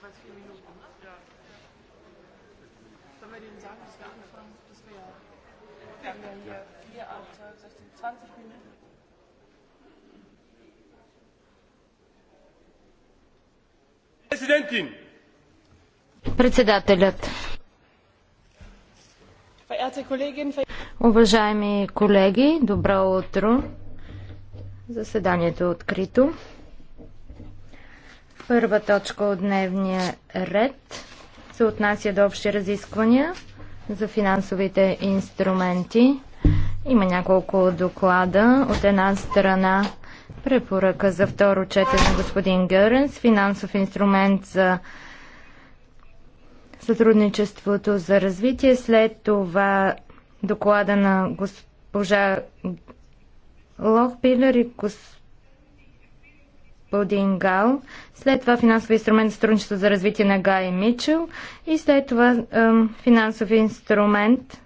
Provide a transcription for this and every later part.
jeweils vier Minuten. Ne? Ja. Sollen wir denen sagen, dass wir angefangen haben, dass wir ja, wir haben ja hier vier, acht, zwölf, sechzehn, Minuten. Präsidentin! Председателят. Уважаеми колеги, добро утро. Заседанието е открито. Първа точка от дневния ред се отнася до общи разисквания за финансовите инструменти. Има няколко доклада. От една страна препоръка за второ четене на господин Гъренс, финансов инструмент за сътрудничеството за развитие. След това доклада на госпожа Лохпилер и госпожа господин след това финансови инструмент за сътрудничество за развитие на Гай Мичел и след това ем, финансов инструмент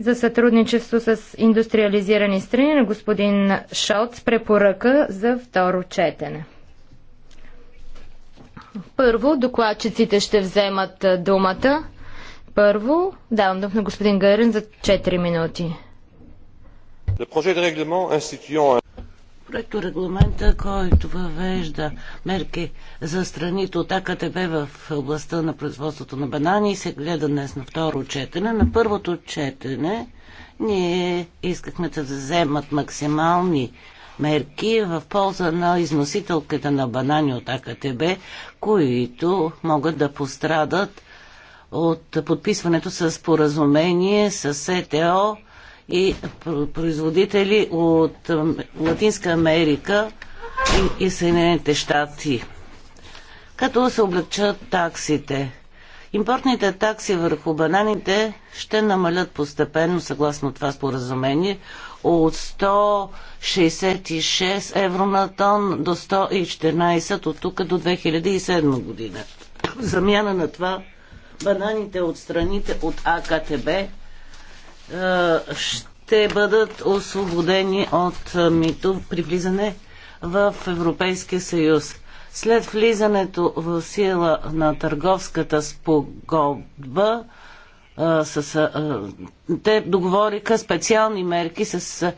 за сътрудничество с индустриализирани страни на господин Шот с препоръка за второ четене. Първо, докладчиците ще вземат думата. Първо, давам дума на господин Гърен за 4 минути. Le projet de règlement instituant проекто регламента, който въвежда мерки за страните от АКТБ в областта на производството на банани, се гледа днес на второ четене. На първото четене ние искахме да вземат максимални мерки в полза на износителката на банани от АКТБ, които могат да пострадат от подписването с споразумение с СТО и производители от Латинска Америка и, и Съединените щати, като се облегчат таксите. Импортните такси върху бананите ще намалят постепенно, съгласно това споразумение, от 166 евро на тон до 114 от тук до 2007 година. Замяна на това бананите от страните от АКТБ е, ще бъдат освободени от е, мито при влизане в Европейския съюз. След влизането в сила на търговската спогодба, е, те договориха специални мерки с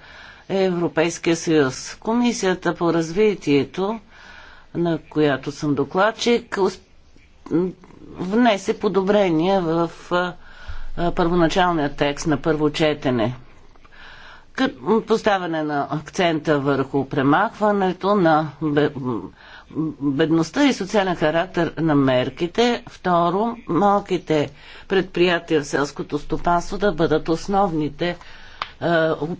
Европейския съюз. Комисията по развитието, на която съм докладчик, внесе подобрения в а, първоначалния текст на първо четене. Поставяне на акцента върху премахването на бедността и социален характер на мерките. Второ, малките предприятия в селското стопанство да бъдат основните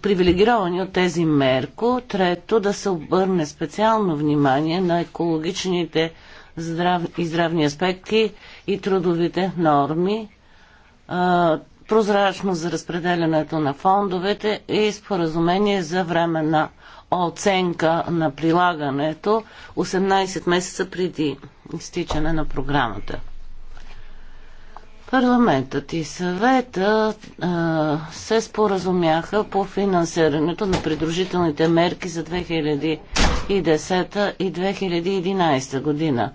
привилегировани от тези мерко. Трето, да се обърне специално внимание на екологичните здрав... и здравни аспекти и трудовите норми прозрачност за разпределянето на фондовете и споразумение за времена оценка на прилагането 18 месеца преди изтичане на програмата. Парламентът и съвета а, се споразумяха по финансирането на придружителните мерки за 2010 и 2011 година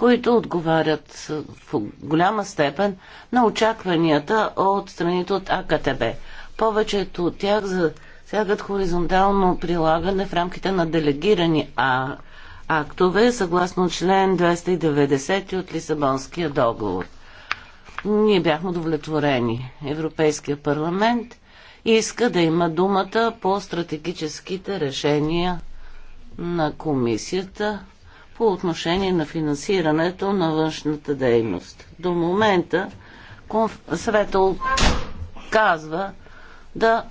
които отговарят в голяма степен на очакванията от страните от АКТБ. Повечето от тях засягат хоризонтално прилагане в рамките на делегирани а, актове, съгласно член 290 от Лисабонския договор. Ние бяхме удовлетворени. Европейския парламент иска да има думата по стратегическите решения на комисията по отношение на финансирането на външната дейност. До момента конф... Светъл казва да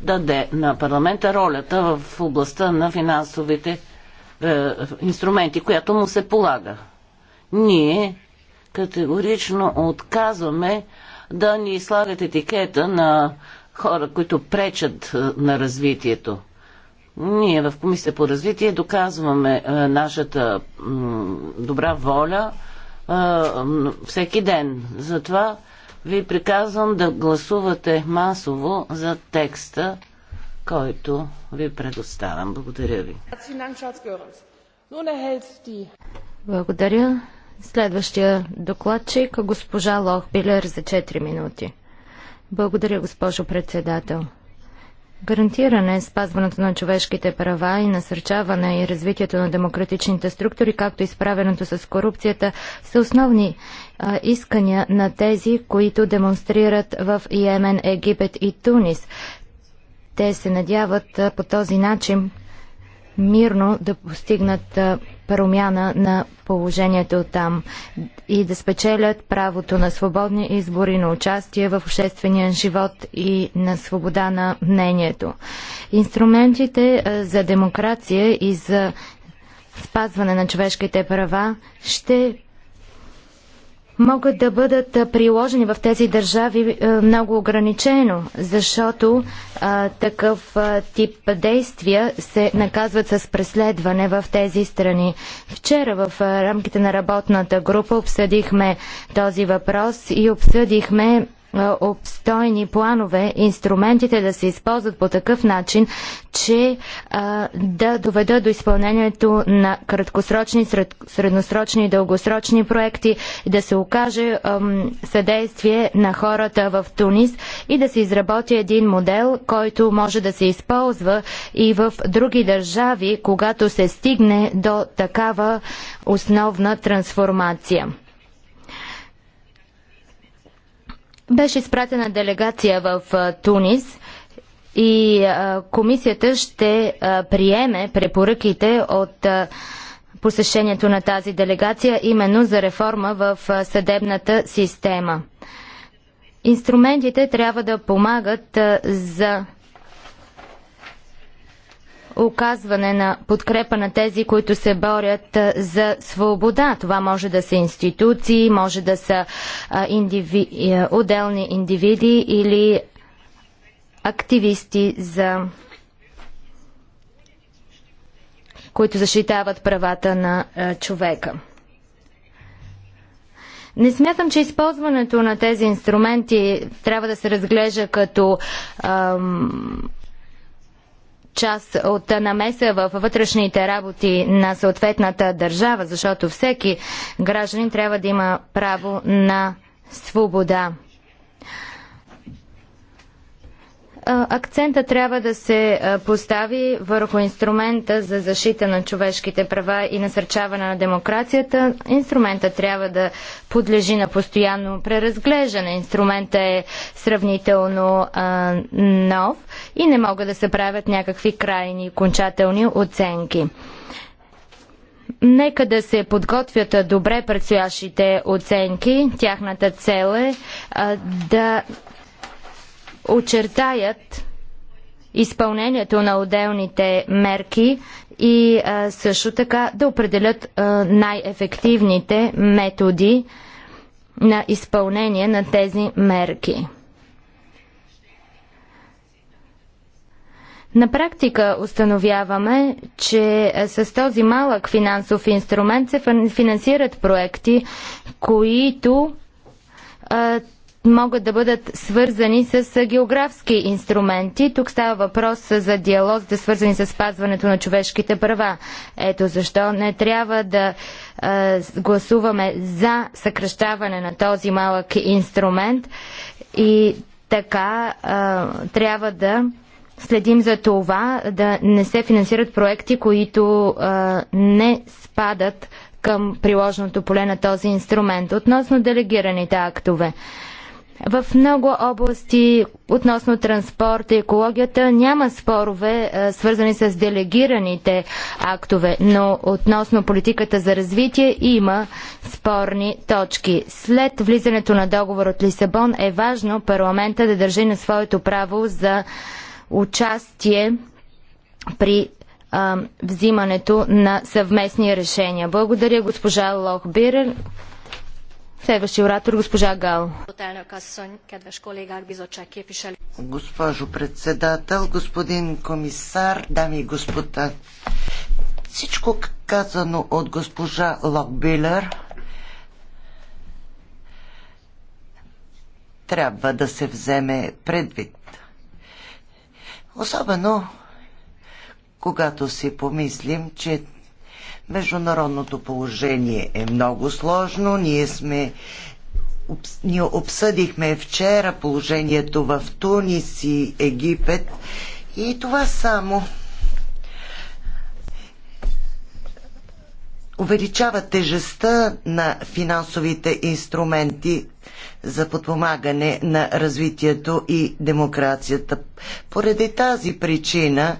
даде на парламента ролята в областта на финансовите е, инструменти, която му се полага. Ние категорично отказваме да ни слагат етикета на хора, които пречат е, на развитието. Ние в Комисия по развитие доказваме а, е, нашата добра воля е, м- всеки ден. Затова ви приказвам да гласувате масово за текста, който ви предоставям. Благодаря ви. Благодаря. Следващия докладчик, госпожа Лох Билер за 4 минути. Благодаря, госпожо председател. Гарантиране спазването на човешките права и насърчаване и развитието на демократичните структури, както и справянето с корупцията, са основни а, искания на тези, които демонстрират в Йемен, Египет и Тунис. Те се надяват а, по този начин мирно да постигнат а, промяна на положението там и да спечелят правото на свободни избори, на участие в обществения живот и на свобода на мнението. Инструментите за демокрация и за спазване на човешките права ще могат да бъдат приложени в тези държави много ограничено, защото а, такъв а, тип действия се наказват с преследване в тези страни. Вчера в а, рамките на работната група обсъдихме този въпрос и обсъдихме обстойни планове, инструментите да се използват по такъв начин, че а, да доведат до изпълнението на краткосрочни, сред, средносрочни и дългосрочни проекти, да се окаже ам, съдействие на хората в Тунис и да се изработи един модел, който може да се използва и в други държави, когато се стигне до такава основна трансформация. Беше изпратена делегация в Тунис и комисията ще приеме препоръките от посещението на тази делегация именно за реформа в съдебната система. Инструментите трябва да помагат за оказване на подкрепа на тези, които се борят за свобода. Това може да са институции, може да са индиви... Е, отделни индивиди или активисти за които защитават правата на е, човека. Не смятам, че използването на тези инструменти трябва да се разглежда като ам, част от намеса в вътрешните работи на съответната държава, защото всеки гражданин трябва да има право на свобода. Акцента трябва да се постави върху инструмента за защита на човешките права и насърчаване на демокрацията. Инструмента трябва да подлежи на постоянно преразглеждане. Инструмента е сравнително а, нов и не могат да се правят някакви крайни окончателни оценки. Нека да се подготвят добре предстоящите оценки. Тяхната цел е а, да очертаят изпълнението на отделните мерки и а, също така да определят най-ефективните методи на изпълнение на тези мерки. На практика установяваме, че с този малък финансов инструмент се финансират проекти, които а, могат да бъдат свързани с географски инструменти. Тук става въпрос за диалозите, свързани с спазването на човешките права. Ето защо не трябва да е, гласуваме за съкръщаване на този малък инструмент и така е, трябва да следим за това да не се финансират проекти, които е, не спадат към приложеното поле на този инструмент. Относно делегираните актове. В много области относно транспорта и екологията няма спорове, е, свързани с делегираните актове, но относно политиката за развитие има спорни точки. След влизането на договор от Лисабон е важно парламента да държи на своето право за участие при а, взимането на съвместни решения. Благодаря госпожа Лохбирен. Следващия оратор, госпожа Гал. Госпожо председател, господин комисар, дами и господа, всичко казано от госпожа Локбилер трябва да се вземе предвид. Особено когато си помислим, че Международното положение е много сложно. Ние сме ние обсъдихме вчера положението в Тунис и Египет и това само увеличава тежестта на финансовите инструменти за подпомагане на развитието и демокрацията. Поради тази причина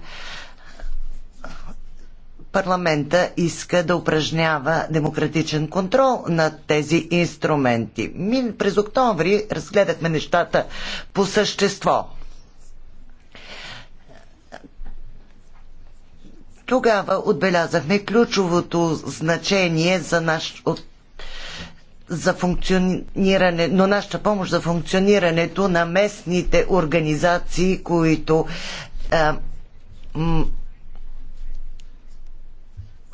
парламента иска да упражнява демократичен контрол над тези инструменти. Мин през октомври разгледахме нещата по същество. Тогава отбелязахме ключовото значение за наш от за функциониране, но нашата помощ за функционирането на местните организации, които а, м,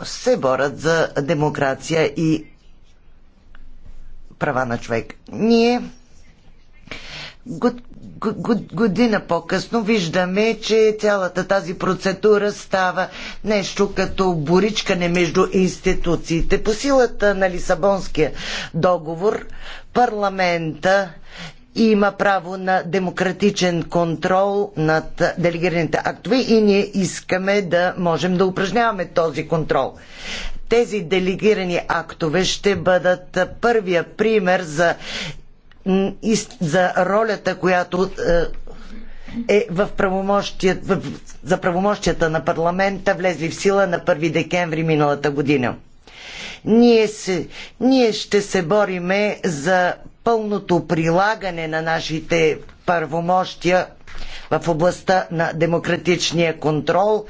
се борят за демокрация и права на човек. Ние година по-късно виждаме, че цялата тази процедура става нещо като боричкане между институциите. По силата на Лисабонския договор парламента има право на демократичен контрол над делегираните актове и ние искаме да можем да упражняваме този контрол. Тези делегирани актове ще бъдат първия пример за, за ролята, която е, е в правомощия, в, за правомощията на парламента, влезли в сила на 1 декември миналата година. Ние, се, ние ще се бориме за пълното прилагане на нашите първомощия в областта на демократичния контрол,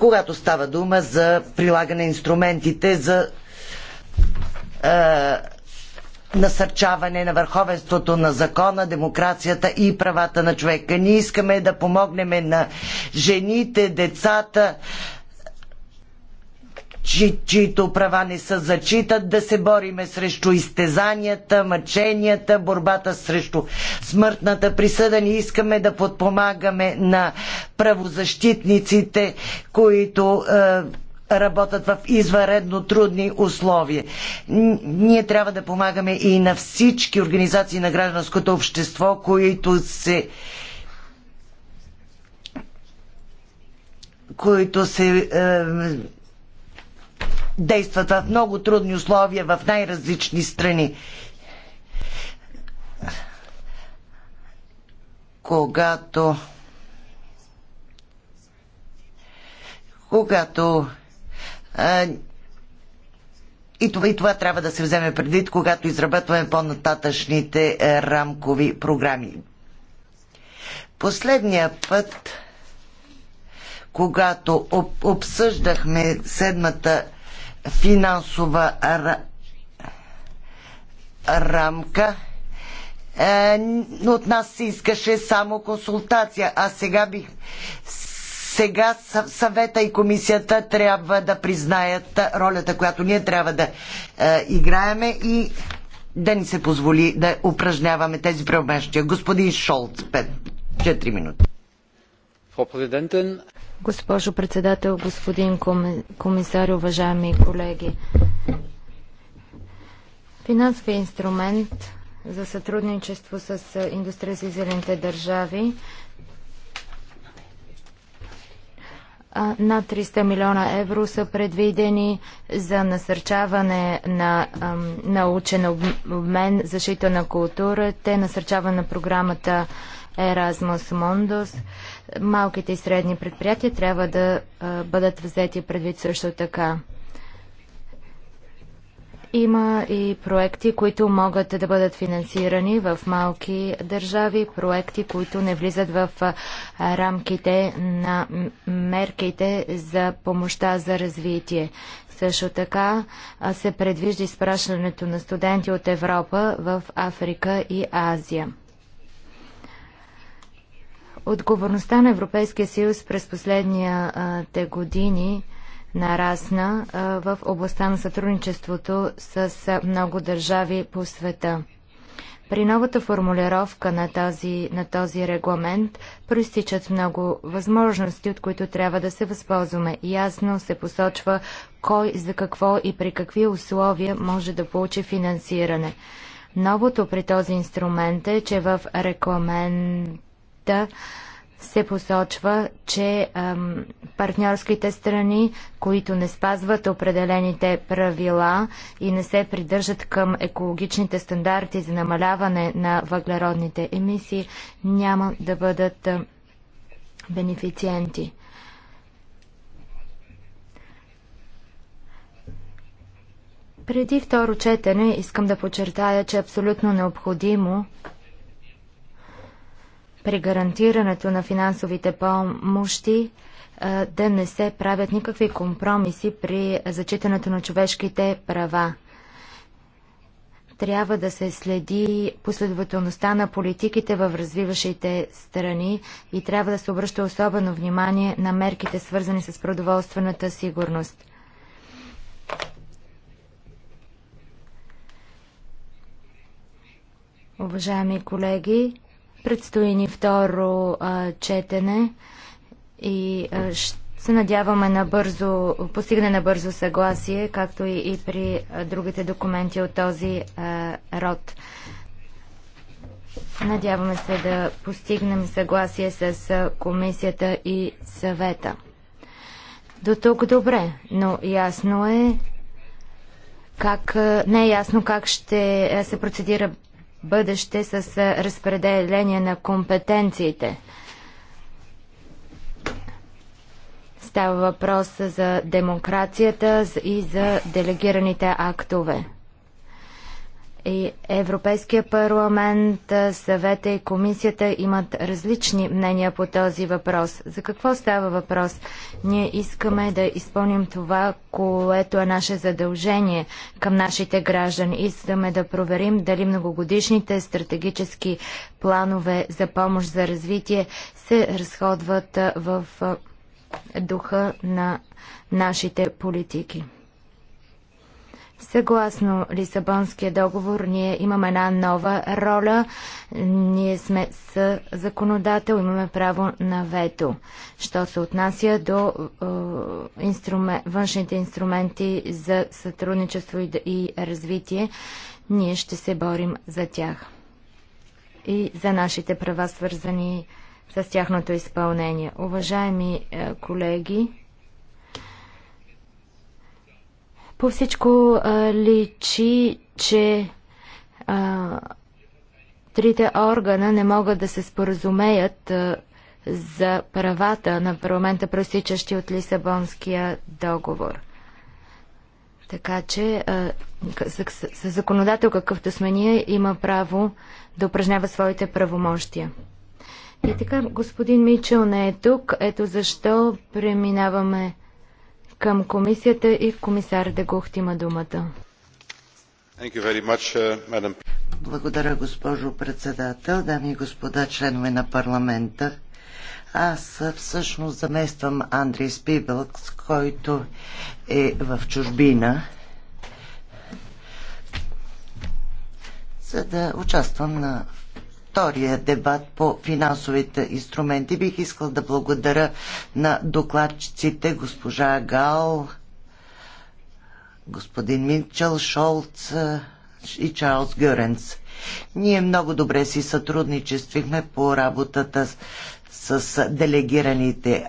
когато става дума за прилагане на инструментите за е, насърчаване на върховенството на закона, демокрацията и правата на човека. Ние искаме да помогнем на жените, децата, чи, чието права не се зачитат, да се бориме срещу изтезанията, мъченията, борбата срещу смъртната присъда. Ние искаме да подпомагаме на правозащитниците, които е, работят в извънредно трудни условия. Ние трябва да помагаме и на всички организации на гражданското общество, които се които се е, действат в много трудни условия в най-различни страни. Когато когато а, и това, и това трябва да се вземе предвид, когато изработваме по-нататъчните рамкови програми. Последния път когато об, обсъждахме седмата финансова рамка, е, от нас се искаше само консултация, а сега бих. Сега съвета и комисията трябва да признаят ролята, която ние трябва да е, играеме и да ни се позволи да упражняваме тези преобещания. Господин Шолц, 5, 4 минути. Госпожо председател, господин комисар, уважаеми колеги. Финансовият инструмент за сътрудничество с е, индустрия за зелените държави над 300 милиона евро са предвидени за насърчаване на научен обмен, защита на културата, насърчаване на програмата Erasmus Mundus. Малките и средни предприятия трябва да бъдат взети предвид също така. Има и проекти, които могат да бъдат финансирани в малки държави, проекти, които не влизат в рамките на мерките за помощта за развитие. Също така се предвижда изпращането на студенти от Европа в Африка и Азия. Отговорността на Европейския съюз през последните години нарасна в областта на сътрудничеството с много държави по света. При новата формулировка на този, на този регламент проистичат много възможности, от които трябва да се възползваме. Ясно се посочва кой за какво и при какви условия може да получи финансиране. Новото при този инструмент е, че в регламент проекта се посочва, че ам, партньорските страни, които не спазват определените правила и не се придържат към екологичните стандарти за намаляване на въглеродните емисии, няма да бъдат ам, бенефициенти. Преди второ четене искам да подчертая, че е абсолютно необходимо при гарантирането на финансовите помощи да не се правят никакви компромиси при зачитането на човешките права. Трябва да се следи последователността на политиките в развиващите страни и трябва да се обръща особено внимание на мерките, свързани с продоволствената сигурност. Уважаеми колеги, Предстои ни второ а, четене и а, се надяваме на бързо, постигне на бързо съгласие, както и, и при а, другите документи от този а, род. Надяваме се да постигнем съгласие с а, комисията и съвета. До тук добре, но ясно е как, не е ясно как ще се процедира бъдеще с разпределение на компетенциите. Става въпрос за демокрацията и за делегираните актове и Европейския парламент, съвета и комисията имат различни мнения по този въпрос. За какво става въпрос? Ние искаме да изпълним това, което е наше задължение към нашите граждани. Искаме да проверим дали многогодишните стратегически планове за помощ за развитие се разходват в духа на нашите политики. Съгласно Лисабонския договор, ние имаме една нова роля. Ние сме с законодател, имаме право на вето. Що се отнася до е, инструмен, външните инструменти за сътрудничество и, и развитие, ние ще се борим за тях и за нашите права, свързани с тяхното изпълнение. Уважаеми е, колеги, По всичко а, личи, че а, трите органа не могат да се споразумеят а, за правата на парламента, просичащи от Лисабонския договор. Така че а, с законодател, какъвто сме ние, има право да упражнява своите правомощия. И така, господин Мичел не е тук. Ето защо преминаваме към комисията и комисар Дегухт има думата. Much, uh, Благодаря, госпожо председател, дами и господа членове на парламента. Аз всъщност замествам Андрей Спибълкс, който е в чужбина, за да участвам на втория дебат по финансовите инструменти. Бих искал да благодаря на докладчиците госпожа Гал, господин Минчел, Шолц и Чарлз Гюренс. Ние много добре си сътрудничествихме по работата с, с делегираните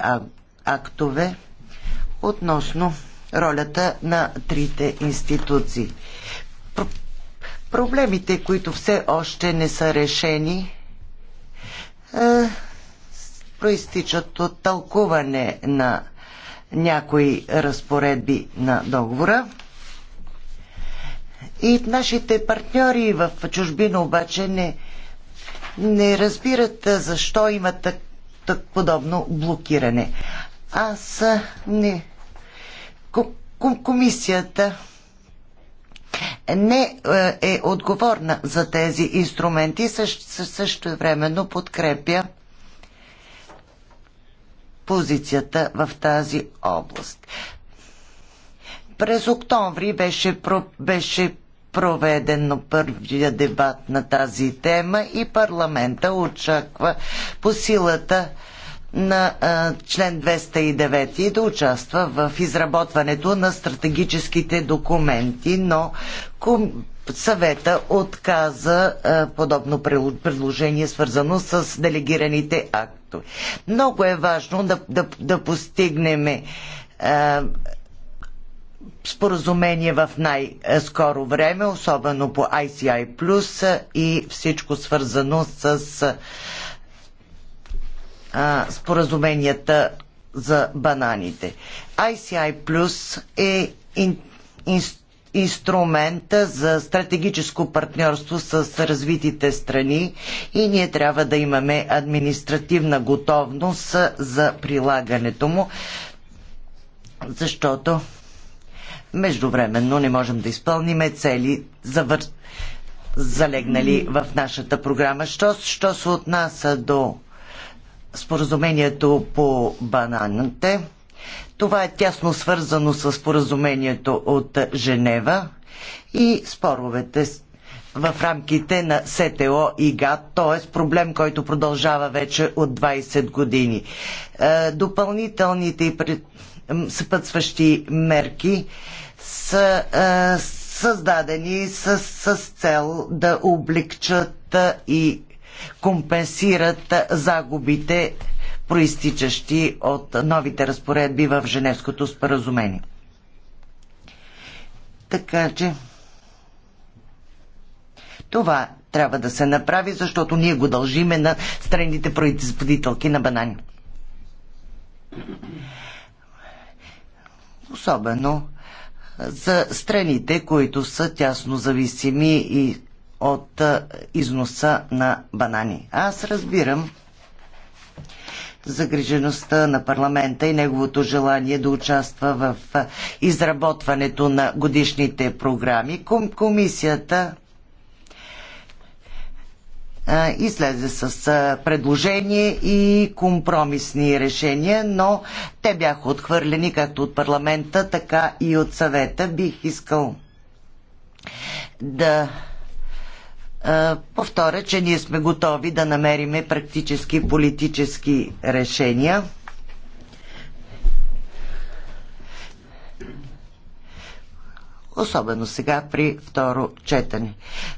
актове относно ролята на трите институции проблемите, които все още не са решени, проистичат от тълкуване на някои разпоредби на договора. И нашите партньори в чужбина обаче не, не разбират защо има так, так подобно блокиране. Аз не. Комисията не е, е отговорна за тези инструменти, също, също е времено подкрепя позицията в тази област. През октомври беше, про, беше проведен първия дебат на тази тема и парламента очаква по силата на а, член 209 и да участва в изработването на стратегическите документи, но ком... съвета отказа а, подобно предложение, свързано с делегираните актове. Много е важно да, да, да постигнем споразумение в най-скоро време, особено по ICI Plus и всичко свързано с а, споразуменията за бананите. ICI Plus е ин, ин, инструмента за стратегическо партньорство с развитите страни и ние трябва да имаме административна готовност за прилагането му, защото междувременно не можем да изпълниме цели за вър... залегнали в нашата програма. Що, що се отнася до споразумението по бананите. Това е тясно свързано с споразумението от Женева и споровете в рамките на СТО и ГАТ, т.е. проблем, който продължава вече от 20 години. Е, допълнителните и съпътстващи мерки са е, създадени с, с цел да облегчат е, и компенсират загубите, проистичащи от новите разпоредби в Женевското споразумение. Така че това трябва да се направи, защото ние го дължиме на страните производителки на банани. Особено за страните, които са тясно зависими и от износа на банани. Аз разбирам загрижеността на парламента и неговото желание да участва в изработването на годишните програми. Комисията излезе с предложение и компромисни решения, но те бяха отхвърлени както от парламента, така и от съвета. Бих искал да е, повторя, че ние сме готови да намериме практически политически решения. особено сега при второ четене.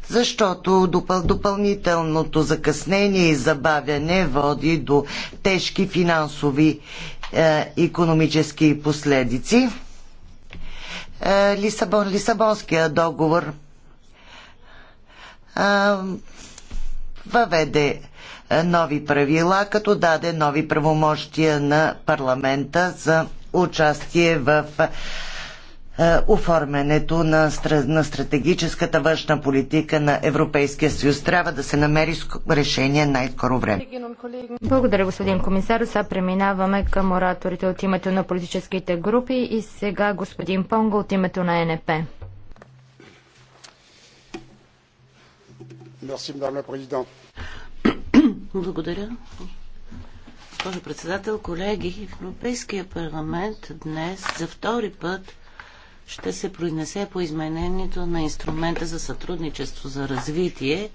Защото допъл допълнителното закъснение и забавяне води до тежки финансови е, економически последици. Е, Лисабон, Лисабонския договор въведе нови правила, като даде нови правомощия на парламента за участие в оформянето на, на стратегическата външна политика на Европейския съюз. Трябва да се намери решение най-скоро време. Благодаря, господин комисар. Сега преминаваме към ораторите от името на политическите групи и сега господин Понго от името на НП. madame la Благодаря. Госпожо председател, колеги, Европейския парламент днес за втори път ще се произнесе по изменението на инструмента за сътрудничество за развитие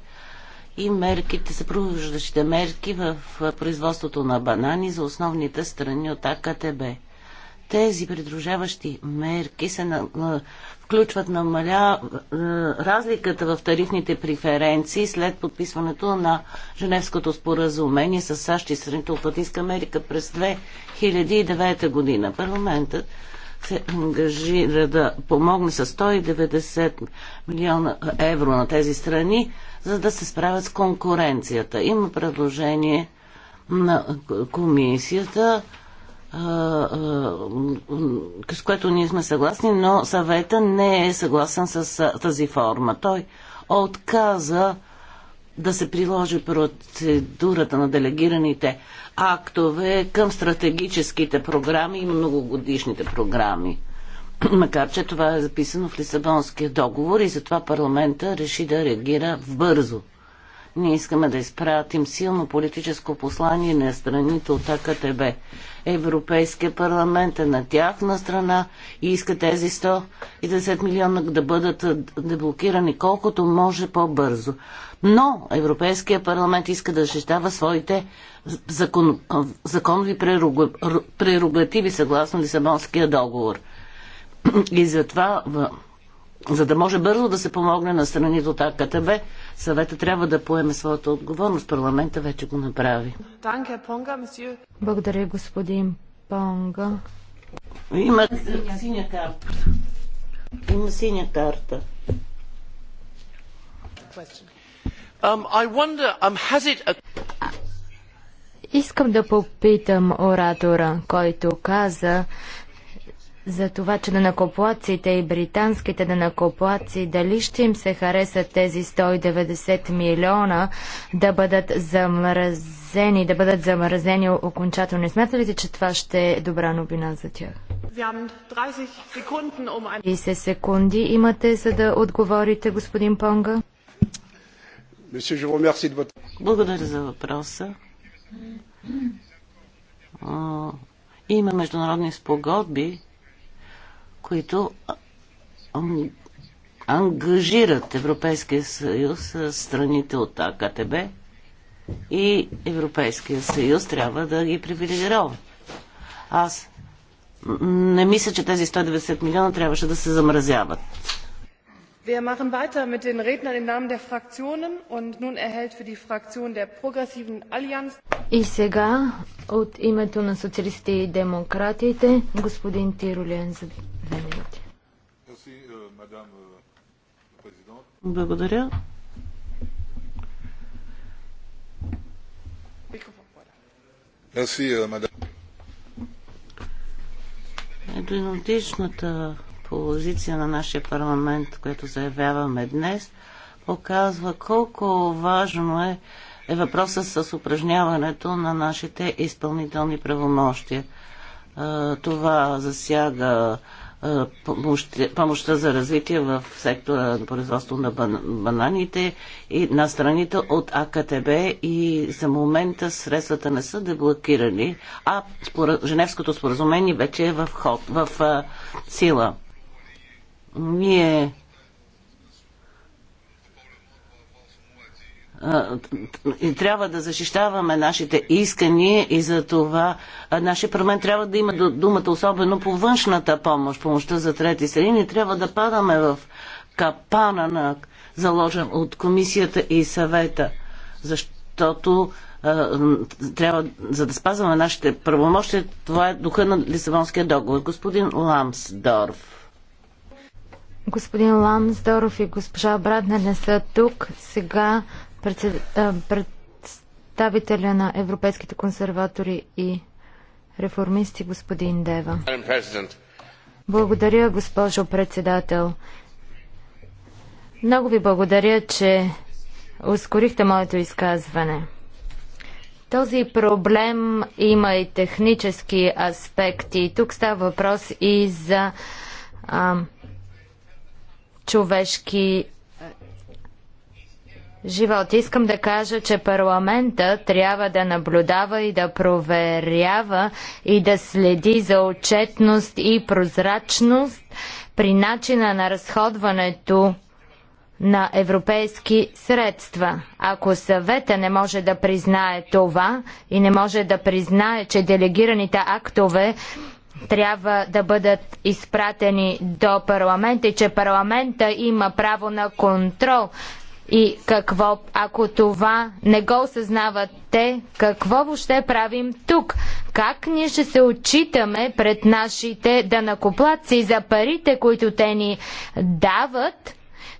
и мерките, съпровождащите мерки в производството на банани за основните страни от АКТБ тези придружаващи мерки се на, на, включват намаля е, разликата в тарифните преференции след подписването на Женевското споразумение с САЩ и от Латинска Америка през 2009 година. Парламентът се ангажира да помогне с 190 милиона евро на тези страни, за да се справят с конкуренцията. Има предложение на комисията с което ние сме съгласни, но съвета не е съгласен с тази форма. Той отказа да се приложи процедурата на делегираните актове към стратегическите програми и многогодишните програми. Макар, че това е записано в Лисабонския договор и затова парламента реши да реагира бързо. Ние искаме да изпратим силно политическо послание на страните от АКТБ. Европейския парламент е на тяхна страна и иска тези 110 милиона да бъдат деблокирани колкото може по-бързо. Но Европейския парламент иска да защитава своите закон, законови прерогативи съгласно Лисабонския договор. И затова, за да може бързо да се помогне на страните от АКТБ, Съвета трябва да поеме своята отговорност. Парламента вече го направи. Благодаря, господин Понга. Има синя карта. Има синя карта. Um, I wonder, um, has it a... Искам да попитам оратора, който каза, за това, че данакоплаците и британските данакоплаци, дали ще им се харесат тези 190 милиона да бъдат замразени, да бъдат замразени окончателно. Не Смятате ли, че това ще е добра новина за тях? 30 секунди имате, за да отговорите, господин Понга. Благодаря за въпроса. Има международни спогодби, които ангажират Европейския съюз страните от АКТБ и Европейския съюз трябва да ги привилегирова. Аз не мисля, че тези 190 милиона трябваше да се замразяват wir machen weiter mit den rednern im namen der fraktionen und nun erhält für die fraktion der progressiven allianz и сега от името на социалистите и демократите господин за две минути. Благодаря позиция на нашия парламент, което заявяваме днес, показва колко важно е, е въпросът с упражняването на нашите изпълнителни правомощия. Това засяга помощта за развитие в сектора на производство на бананите и на страните от АКТБ и за момента средствата не са деблокирани, а Женевското споразумение вече е в, ход, в сила. Ние и трябва да защищаваме нашите искания и за това нашия парламент трябва да има думата, особено по външната помощ, помощта за трети страни. Трябва да падаме в капана на заложен от комисията и съвета, защото трябва, за да спазваме нашите правомощия, това е духа на Лисабонския договор. Господин Ламсдорф. Господин Ламсдоров и госпожа Братна не са тук. Сега председ... представителя на европейските консерватори и реформисти господин Дева. Благодаря, госпожо председател. Много ви благодаря, че ускорихте моето изказване. Този проблем има и технически аспекти. Тук става въпрос и за а, човешки е, живот. Искам да кажа, че парламента трябва да наблюдава и да проверява и да следи за отчетност и прозрачност при начина на разходването на европейски средства. Ако съвета не може да признае това и не може да признае, че делегираните актове трябва да бъдат изпратени до парламента и че парламента има право на контрол. И какво, ако това не го осъзнават те, какво въобще правим тук? Как ние ще се отчитаме пред нашите данакоплаци за парите, които те ни дават,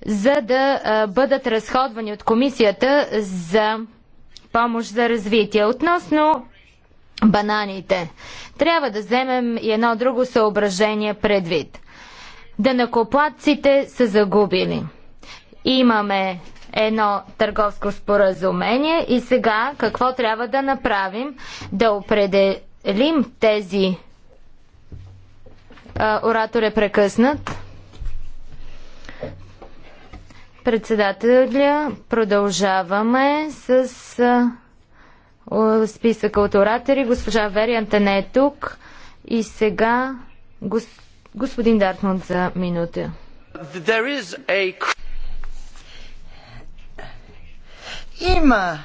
за да а, бъдат разходвани от комисията за помощ за развитие? Относно бананите. Трябва да вземем и едно друго съображение предвид. Данакоплатците са загубили. Имаме едно търговско споразумение и сега какво трябва да направим? Да определим тези а, оратор е прекъснат. Председателя, продължаваме с а, списъка от оратори. Госпожа Верианта не е тук. И сега гос... господин Дартмунд за минута. A... Има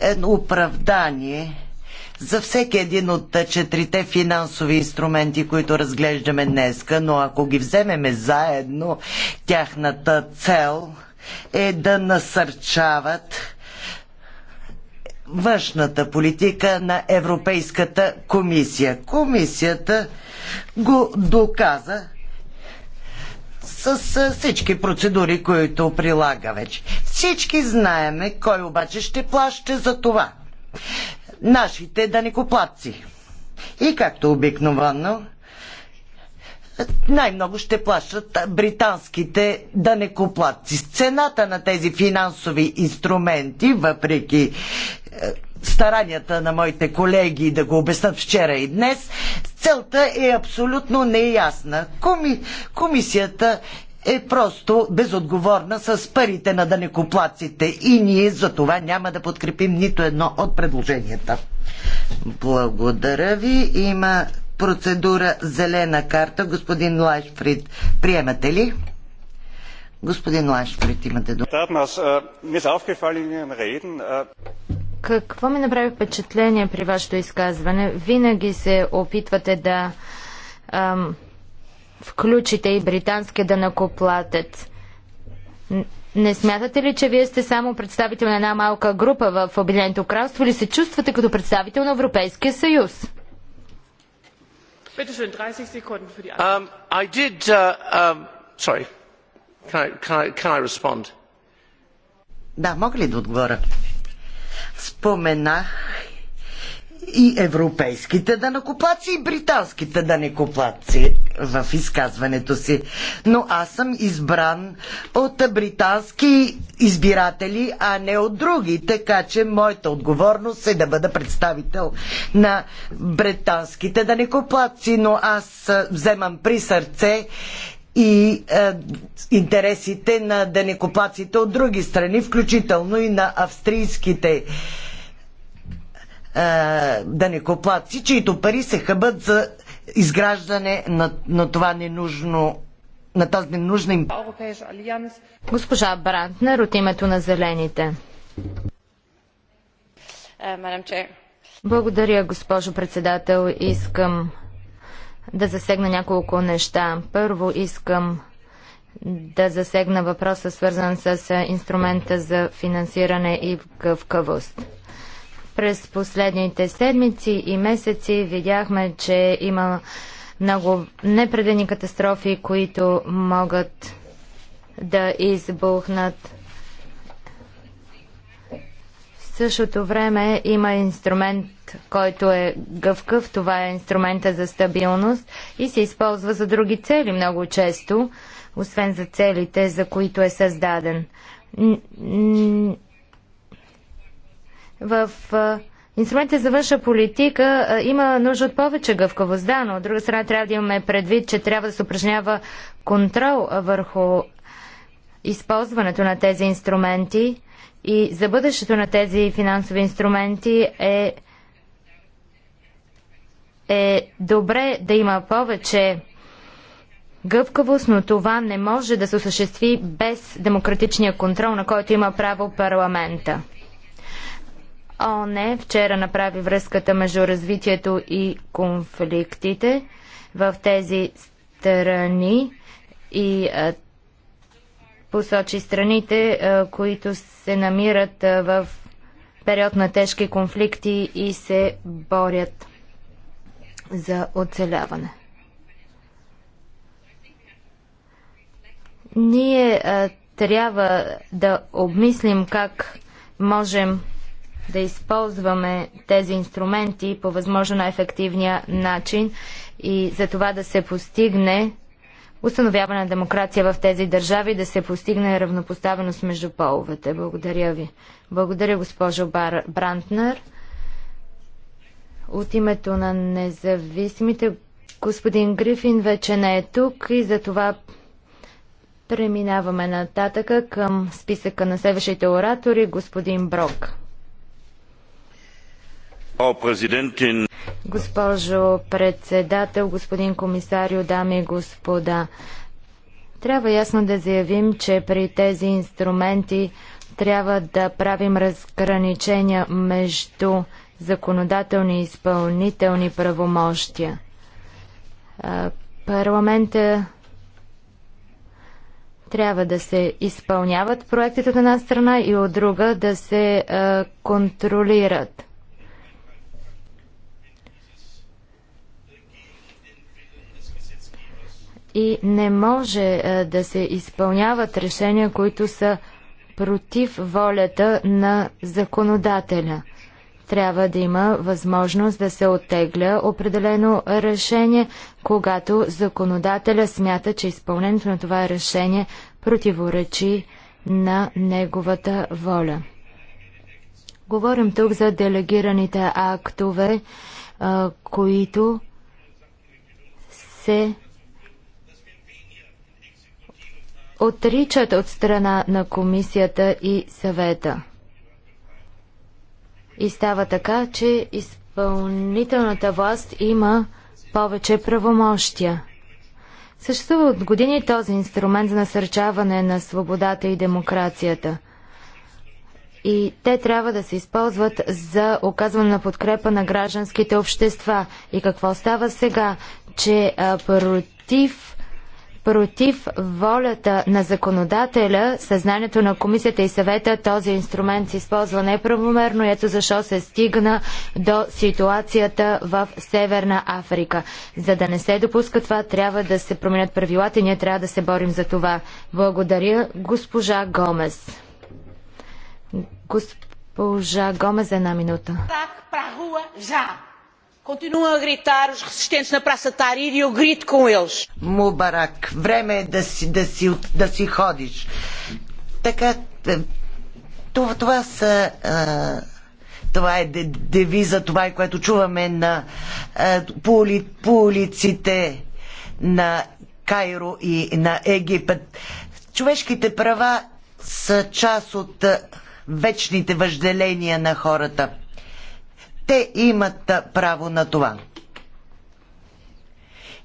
едно оправдание за всеки един от четирите финансови инструменти, които разглеждаме днеска, но ако ги вземеме заедно, тяхната цел е да насърчават външната политика на Европейската комисия. Комисията го доказа с, всички процедури, които прилага вече. Всички знаеме кой обаче ще плаща за това. Нашите данекоплатци. И както обикновено, най-много ще плащат британските данекоплатци. Цената на тези финансови инструменти, въпреки е, старанията на моите колеги да го обяснат вчера и днес, целта е абсолютно неясна. Коми... Комисията е просто безотговорна с парите на данекоплаците и ние за това няма да подкрепим нито едно от предложенията. Благодаря ви. Има процедура зелена карта. Господин Лашфрид, приемате ли? Господин Лашфрид, имате дума. Äh, äh, Какво ми направи впечатление при вашето изказване? Винаги се опитвате да ам, включите и британския данакоплатец. Не смятате ли, че вие сте само представител на една малка група в Обединеното кралство или се чувствате като представител на Европейския съюз? Um, I did. Uh, um, sorry. Can I, respond? Да, мога ли да отговоря? Споменах и европейските данакоплаци и британските данекоплаци в изказването си. Но аз съм избран от британски избиратели, а не от други, така че моята отговорност е да бъда представител на британските данекоплаци, но аз вземам при сърце и е, интересите на данекоплаците от други страни, включително и на австрийските е, данекоплатци, чието пари се хъбат за изграждане на, на това ненужно на тази ненужна им. Госпожа Брантнер от името на Зелените. Е, Благодаря, госпожо председател. Искам да засегна няколко неща. Първо искам да засегна въпроса, свързан с е, инструмента за финансиране и гъвкавост. През последните седмици и месеци видяхме, че има много непредени катастрофи, които могат да избухнат. В същото време има инструмент, който е гъвкъв. Това е инструмента за стабилност и се използва за други цели много често, освен за целите, за които е създаден. В Инструментите за външна политика а, има нужда от повече гъвкавост, да, но от друга страна трябва да имаме предвид, че трябва да се упражнява контрол върху използването на тези инструменти и за бъдещето на тези финансови инструменти е, е добре да има повече гъвкавост, но това не може да се осъществи без демократичния контрол, на който има право парламента. ООН вчера направи връзката между развитието и конфликтите в тези страни и посочи страните, които се намират в период на тежки конфликти и се борят за оцеляване. Ние трябва да обмислим как можем да използваме тези инструменти по възможно най-ефективния начин и за това да се постигне установяване на демокрация в тези държави, да се постигне равнопоставеност между половете. Благодаря ви. Благодаря, госпожо Бар... Брантнер. От името на независимите, господин Грифин вече не е тук и за това преминаваме нататъка към списъка на следващите оратори, господин Брок. Госпожо председател, господин комисарио, дами и господа, трябва ясно да заявим, че при тези инструменти трябва да правим разграничения между законодателни и изпълнителни правомощия. Парламента трябва да се изпълняват проектите от една страна и от друга да се контролират. и не може е, да се изпълняват решения, които са против волята на законодателя. Трябва да има възможност да се оттегля определено решение, когато законодателя смята, че изпълнението на това решение противоречи на неговата воля. Говорим тук за делегираните актове, които се отричат от страна на комисията и съвета. И става така, че изпълнителната власт има повече правомощия. Съществува от години този инструмент за насърчаване на свободата и демокрацията. И те трябва да се използват за оказване на подкрепа на гражданските общества. И какво става сега? Че а, против против волята на законодателя, съзнанието на комисията и съвета, този инструмент се използва неправомерно. Ето защо се стигна до ситуацията в Северна Африка. За да не се допуска това, трябва да се променят правилата и ние трябва да се борим за това. Благодаря, госпожа Гомес. Госпожа Гомес, една минута. Так, прахуа, жа. Continuam a gritar os resistentes na Praça Tahrir e eu grito com eles. Мубарак, време е да си, да си, да си ходиш. Така, това, това са... А, това е девиза, това е което чуваме на, а, по, ули, по улиците на Кайро и на Египет. Човешките права са част от вечните въжделения на хората. Те имат право на това.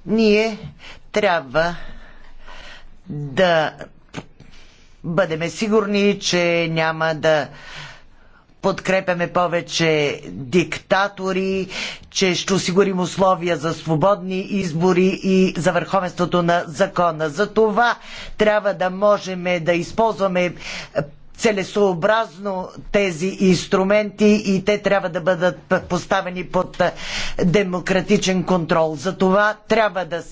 Ние трябва да бъдеме сигурни, че няма да подкрепяме повече диктатори, че ще осигурим условия за свободни избори и за върховенството на закона. За това трябва да можем да използваме целесообразно тези инструменти и те трябва да бъдат поставени под демократичен контрол. За това трябва да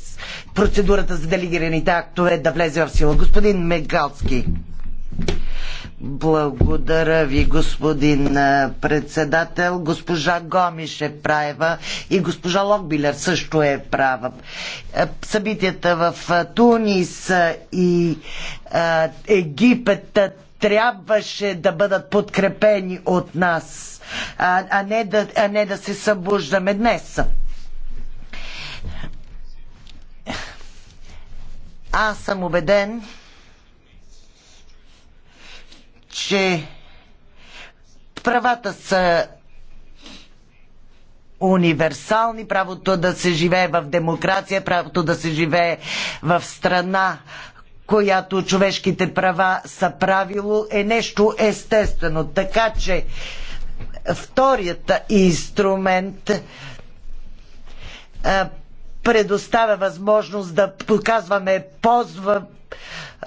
процедурата за делегираните актове да влезе в сила. Господин Мегалски. Благодаря ви, господин председател. Госпожа Гомиш е права и госпожа Локбилер също е права. Събитията в Тунис и Египет трябваше да бъдат подкрепени от нас, а, а, не, да, а не да се събуждаме днес. Аз съм убеден, че правата са универсални, правото да се живее в демокрация, правото да се живее в страна, която човешките права са правило, е нещо естествено. Така че вторият инструмент е, предоставя възможност да показваме позва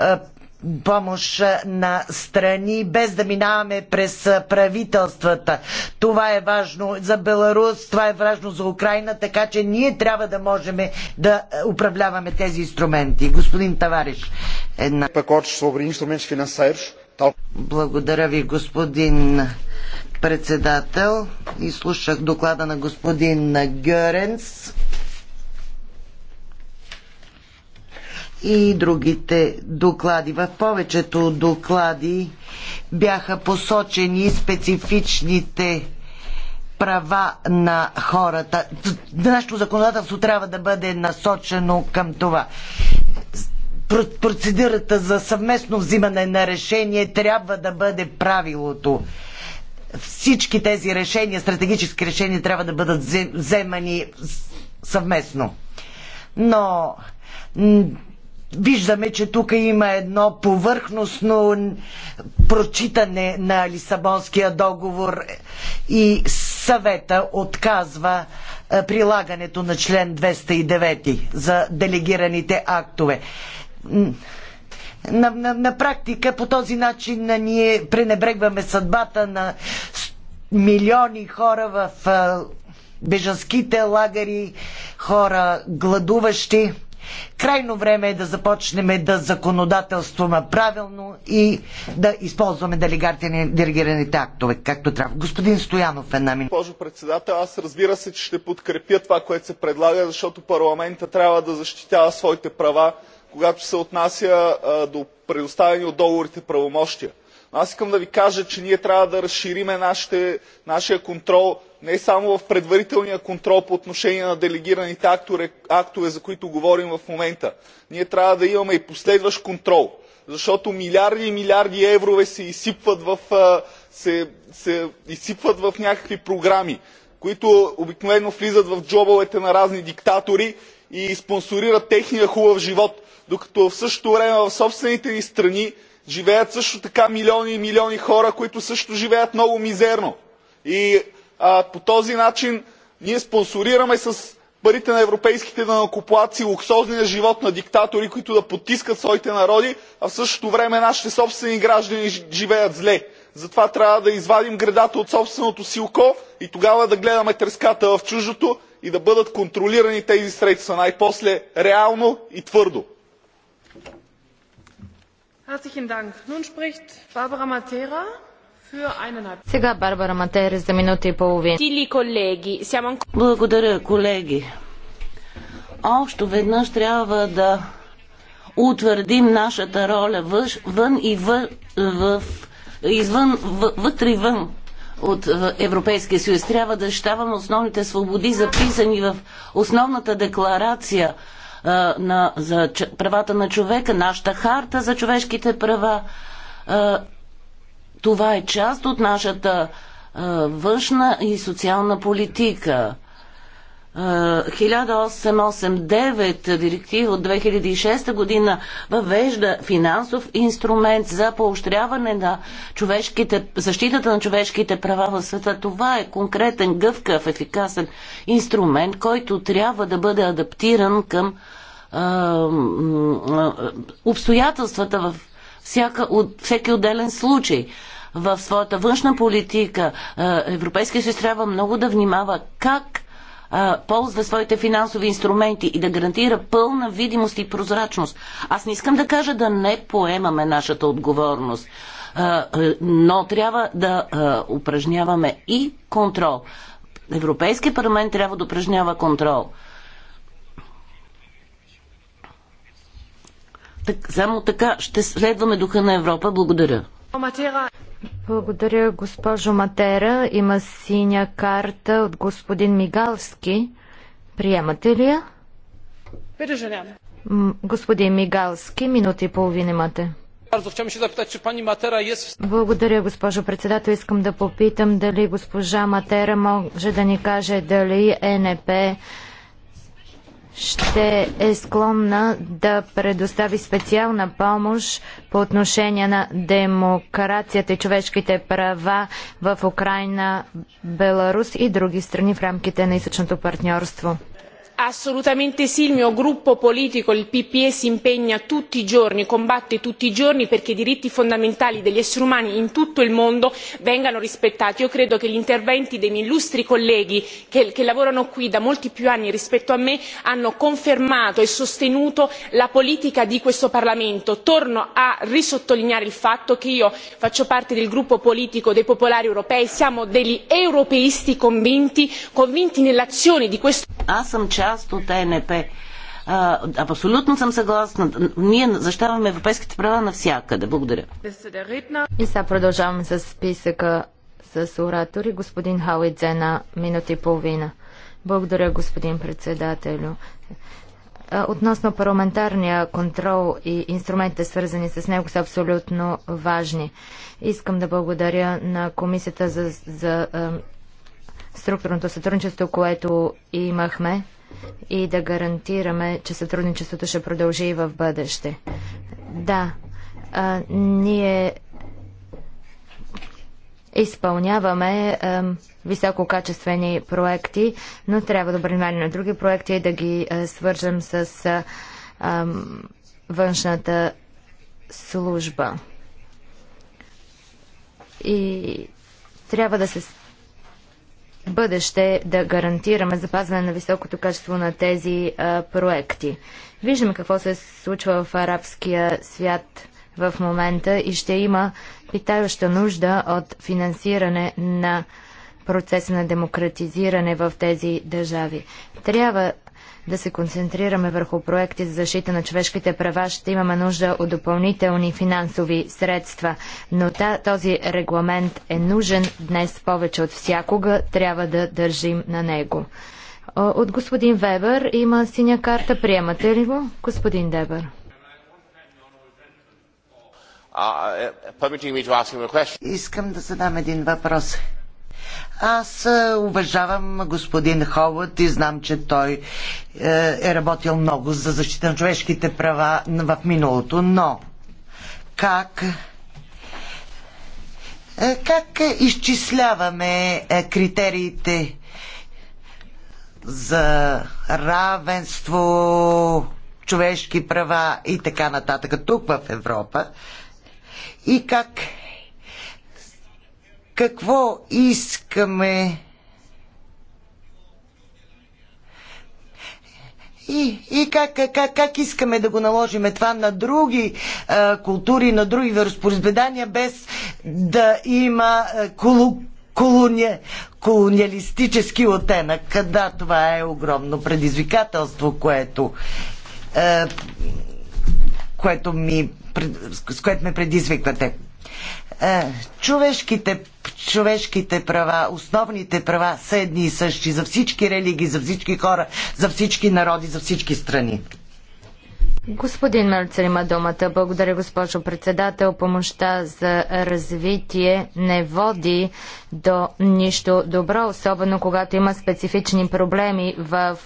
е, помощ на страни, без да минаваме през правителствата. Това е важно за Беларус, това е важно за Украина, така че ние трябва да можем да управляваме тези инструменти. Господин Тавариш, една... Благодаря ви, господин председател. Изслушах доклада на господин Гьоренс. и другите доклади. В повечето доклади бяха посочени специфичните права на хората. Нашето законодателство трябва да бъде насочено към това. Процедурата за съвместно взимане на решение трябва да бъде правилото. Всички тези решения, стратегически решения, трябва да бъдат вземани съвместно. Но Виждаме, че тук има едно повърхностно прочитане на Лисабонския договор и съвета отказва е, прилагането на член 209 за делегираните актове. На, на, на практика по този начин ние пренебрегваме съдбата на милиони хора в е, бежанските лагери, хора гладуващи. Крайно време е да започнем да законодателстваме правилно и да използваме делегираните актове, както трябва. Господин Стоянов, една минута. Госпожо председател, аз разбира се, че ще подкрепя това, което се предлага, защото парламента трябва да защитава своите права, когато се отнася а, до предоставени от договорите правомощия. Но аз искам да ви кажа, че ние трябва да разширим нашите, нашия контрол не само в предварителния контрол по отношение на делегираните актове, за които говорим в момента. Ние трябва да имаме и последващ контрол, защото милиарди и милиарди еврове се изсипват в, се, се изсипват в някакви програми, които обикновено влизат в джобовете на разни диктатори и спонсорират техния хубав живот, докато в същото време в собствените ни страни живеят също така милиони и милиони хора, които също живеят много мизерно. И по този начин ние спонсорираме с парите на европейските данъкоплатци луксозния живот на диктатори, които да потискат своите народи, а в същото време нашите собствени граждани живеят зле. Затова трябва да извадим гредата от собственото си око и тогава да гледаме треската в чуждото и да бъдат контролирани тези средства най-после реално и твърдо. Herzlichen Dank. Nun spricht Barbara Matera сега Барбара Матерес за минута и половина. Благодаря, колеги. Още веднъж трябва да утвърдим нашата роля вън и въ, извън, вътре и вън от е, Европейския съюз. Трябва да защитаваме основните свободи, записани в основната декларация а, е, на, за правата на човека, нашата харта за човешките права. А, е, това е част от нашата външна и социална политика. 1889 директива от 2006 година въвежда финансов инструмент за поощряване на човешките, защитата на човешките права в света. Това е конкретен, гъвкав, ефикасен инструмент, който трябва да бъде адаптиран към а, а, обстоятелствата в всяка, от, всеки отделен случай. В своята външна политика е, Европейския съюз трябва много да внимава как е, ползва своите финансови инструменти и да гарантира пълна видимост и прозрачност. Аз не искам да кажа да не поемаме нашата отговорност, е, но трябва да упражняваме и контрол. Европейския парламент трябва да упражнява контрол. так, само така ще следваме духа на Европа. Благодаря. Благодаря, госпожо Матера. Има синя карта от господин Мигалски. Приемате ли я? Господин Мигалски, минути и половина имате. Благодаря, госпожо председател. Искам да попитам дали госпожа Матера може да ни каже дали ЕНП ще е склонна да предостави специална помощ по отношение на демокрацията и човешките права в Украина, Беларус и други страни в рамките на източното партньорство assolutamente sì il mio gruppo politico il ppe si impegna tutti i giorni combatte tutti i giorni perché i diritti fondamentali degli esseri umani in tutto il mondo vengano rispettati. io credo che gli interventi dei miei illustri colleghi che lavorano qui da molti più anni rispetto a me hanno confermato e sostenuto la politica di questo parlamento. torno a risottolineare il fatto che io faccio parte del gruppo politico dei popolari europei siamo degli europeisti convinti convinti nell'azione di questo част от ЕНП. А, абсолютно съм съгласна. Ние защаваме европейските права навсякъде. Благодаря. И сега продължавам с списъка с оратори. Господин Хауидзе на една минута и половина. Благодаря, господин председателю. Относно парламентарния контрол и инструментите свързани с него са абсолютно важни. Искам да благодаря на комисията за, за структурното сътрудничество, което имахме и да гарантираме, че сътрудничеството ще продължи и в бъдеще. Да, а, ние изпълняваме а, висококачествени проекти, но трябва да обърнем на други проекти и да ги а, свържем с а, а, външната служба. И трябва да се бъдеще да гарантираме запазване на високото качество на тези а, проекти. Виждаме какво се случва в арабския свят в момента и ще има питаваща нужда от финансиране на процеса на демократизиране в тези държави. Трябва да се концентрираме върху проекти за защита на човешките права, ще имаме нужда от допълнителни финансови средства. Но та, този регламент е нужен днес повече от всякога. Трябва да държим на него. От господин Вебер има синя карта. Приемате ли го, господин Дебер? Е, е, Искам да задам един въпрос. Аз е, уважавам господин Ховът и знам, че той е, е работил много за защита на човешките права в миналото, но как е, как изчисляваме критериите за равенство, човешки права и така нататък тук в Европа и как какво искаме И, и как, как, как искаме да го наложим това на други а, култури, на други вероисповедания, без да има колу, колуния, колониалистически оттенък. Да, това е огромно предизвикателство, което, а, което ми, с което ме предизвиквате. Е, човешките, човешките права, основните права са едни и същи за всички религии, за всички хора, за всички народи, за всички страни. Господин Мелцер има думата. Благодаря, госпожо председател. Помощта за развитие не води до нищо добро, особено когато има специфични проблеми в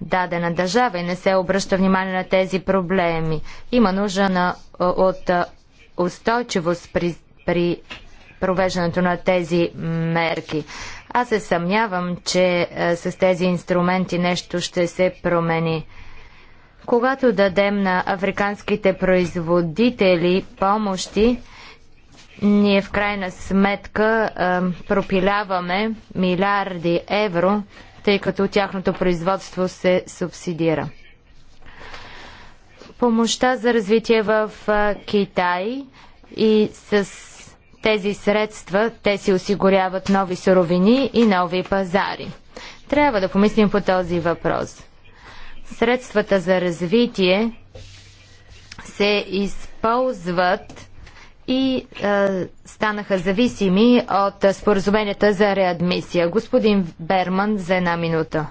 дадена държава и не се обръща внимание на тези проблеми. Има нужда на, от устойчивост при, при провеждането на тези мерки. Аз се съмнявам, че е, с тези инструменти нещо ще се промени. Когато дадем на африканските производители помощи, ние в крайна сметка е, пропиляваме милиарди евро, тъй като тяхното производство се субсидира. Помощта за развитие в Китай и с тези средства те си осигуряват нови суровини и нови пазари. Трябва да помислим по този въпрос. Средствата за развитие се използват и е, станаха зависими от споразуменията за реадмисия. Господин Берман за една минута.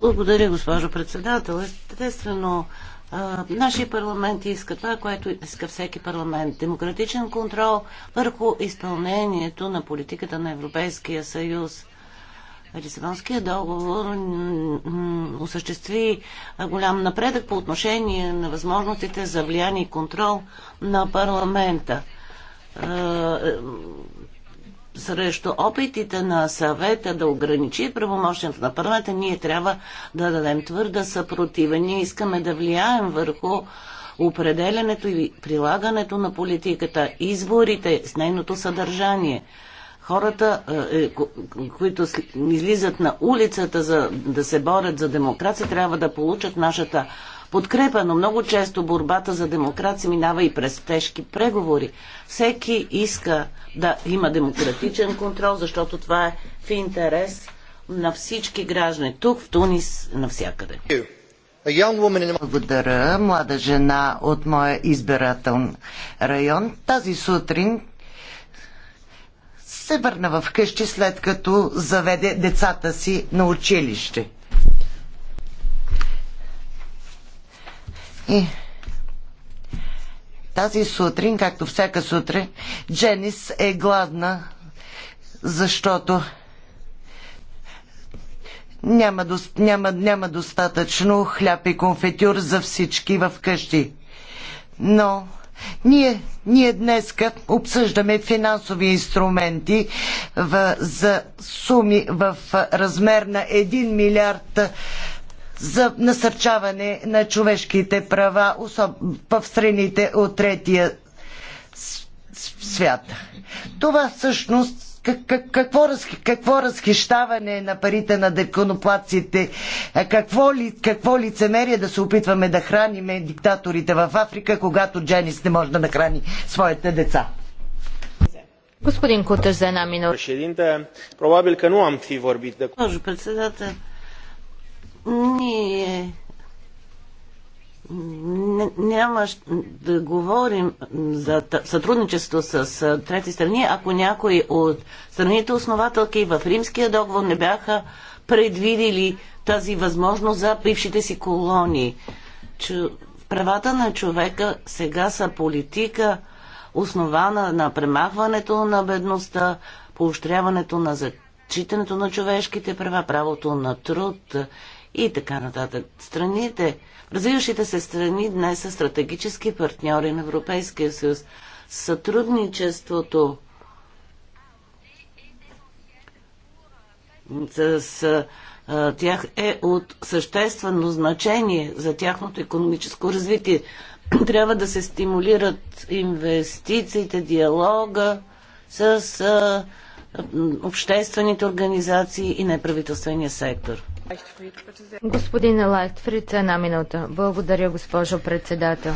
Благодаря, госпожо председател. Естествено, нашия парламент иска това, което иска всеки парламент. Демократичен контрол върху изпълнението на политиката на Европейския съюз. Лисабонския договор осъществи голям напредък по отношение на възможностите за влияние и контрол на парламента срещу опитите на съвета да ограничи правомощието на парламента, ние трябва да дадем твърда съпротива. Ние искаме да влияем върху определенето и прилагането на политиката, изборите с нейното съдържание. Хората, е, е, които излизат на улицата за да се борят за демокрация, трябва да получат нашата подкрепа, но много често борбата за демокрация минава и през тежки преговори. Всеки иска да има демократичен контрол, защото това е в интерес на всички граждани, тук, в Тунис, навсякъде. Благодаря, млада жена от моя избирателен район. Тази сутрин се върна в къщи след като заведе децата си на училище. И тази сутрин, както всяка сутрин, Дженис е гладна, защото няма, до, няма, няма достатъчно хляб и конфетюр за всички в къщи. Но ние, ние днес обсъждаме финансови инструменти в, за суми в размер на 1 милиард за насърчаване на човешките права в страните от третия свят. Това всъщност какво, какво разхищаване на парите на деконоплаците, какво, ли, какво лицемерие да се опитваме да храним диктаторите в Африка, когато Дженис не може да нахрани своите деца. Господин Кутър, за една минута. Може председател, ние няма да говорим за сътрудничество с трети страни, ако някои от страните основателки в Римския договор не бяха предвидили тази възможност за бившите си колонии. Че Правата на човека сега са политика, основана на премахването на бедността, поощряването на зачитането на човешките права, правото на труд и така нататък. Страните, развиващите се страни днес са стратегически партньори на Европейския съюз. Сътрудничеството с тях е от съществено значение за тяхното економическо развитие. Трябва да се стимулират инвестициите, диалога с обществените организации и неправителствения сектор. Господин Лайтфрид, една минута. Благодаря, госпожо председател.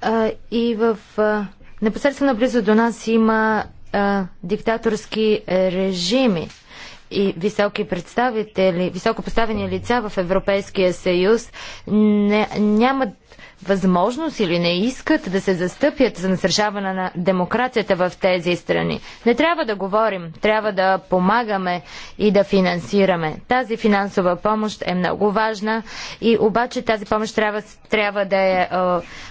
А, и в а, непосредствено близо до нас има а, диктаторски режими и високи представители, високопоставени лица в Европейския съюз не, нямат възможност или не искат да се застъпят за насържаване на демокрацията в тези страни. Не трябва да говорим, трябва да помагаме и да финансираме. Тази финансова помощ е много важна и обаче тази помощ трябва, трябва да е, е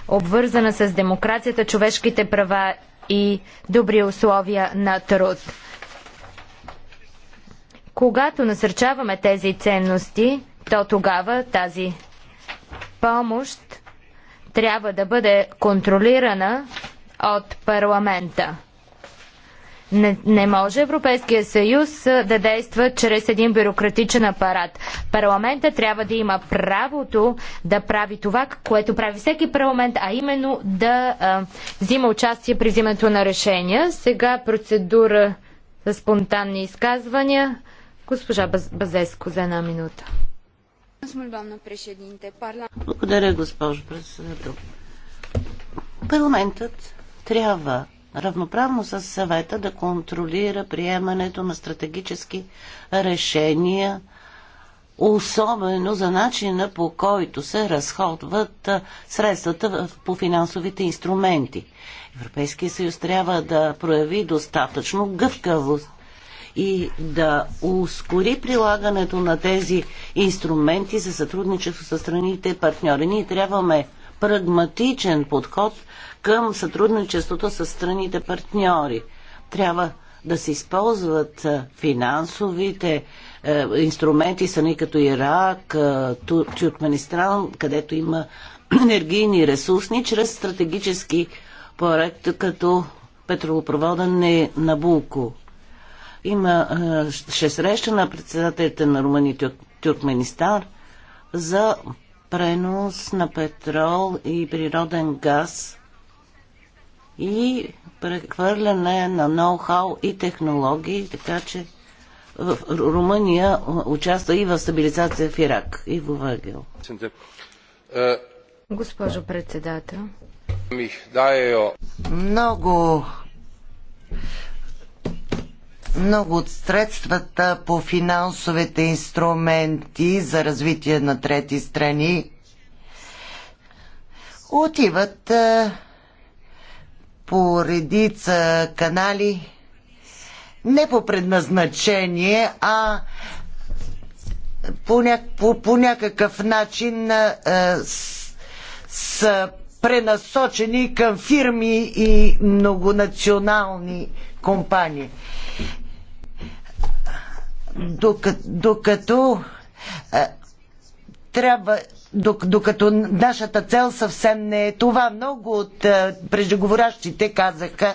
обвързана с демокрацията, човешките права и добри условия на труд. Когато насърчаваме тези ценности, то тогава тази помощ трябва да бъде контролирана от парламента. Не, не може Европейския съюз да действа чрез един бюрократичен апарат. Парламента трябва да има правото да прави това, което прави всеки парламент, а именно да а, взима участие при взимането на решения. Сега процедура за спонтанни изказвания. Госпожа Базеско за една минута. Благодаря, госпожо председател. Парламентът трябва равноправно с съвета да контролира приемането на стратегически решения, особено за начина по който се разходват средствата по финансовите инструменти. Европейския съюз трябва да прояви достатъчно гъвкавост и да ускори прилагането на тези инструменти за сътрудничество с страните партньори. Ние трябваме прагматичен подход към сътрудничеството с страните партньори. Трябва да се използват финансовите е, инструменти, страни като Ирак, е, Тюркменистан, където има енергийни ресурсни, чрез стратегически проект като петролопровода Набуко. Има, ще среща на председателите на Румъния и Тюркменистан за пренос на петрол и природен газ и прехвърляне на ноу-хау и технологии, така че в Румъния участва и в стабилизация в Ирак. И в Вагел. Госпожо председател. Много много от средствата по финансовите инструменти за развитие на трети страни отиват по редица канали не по предназначение, а по, ня... по, по някакъв начин а, с... са пренасочени към фирми и многонационални компании докато, докато е, трябва докато нашата цел съвсем не е това. Много от е, преждеговорящите казаха,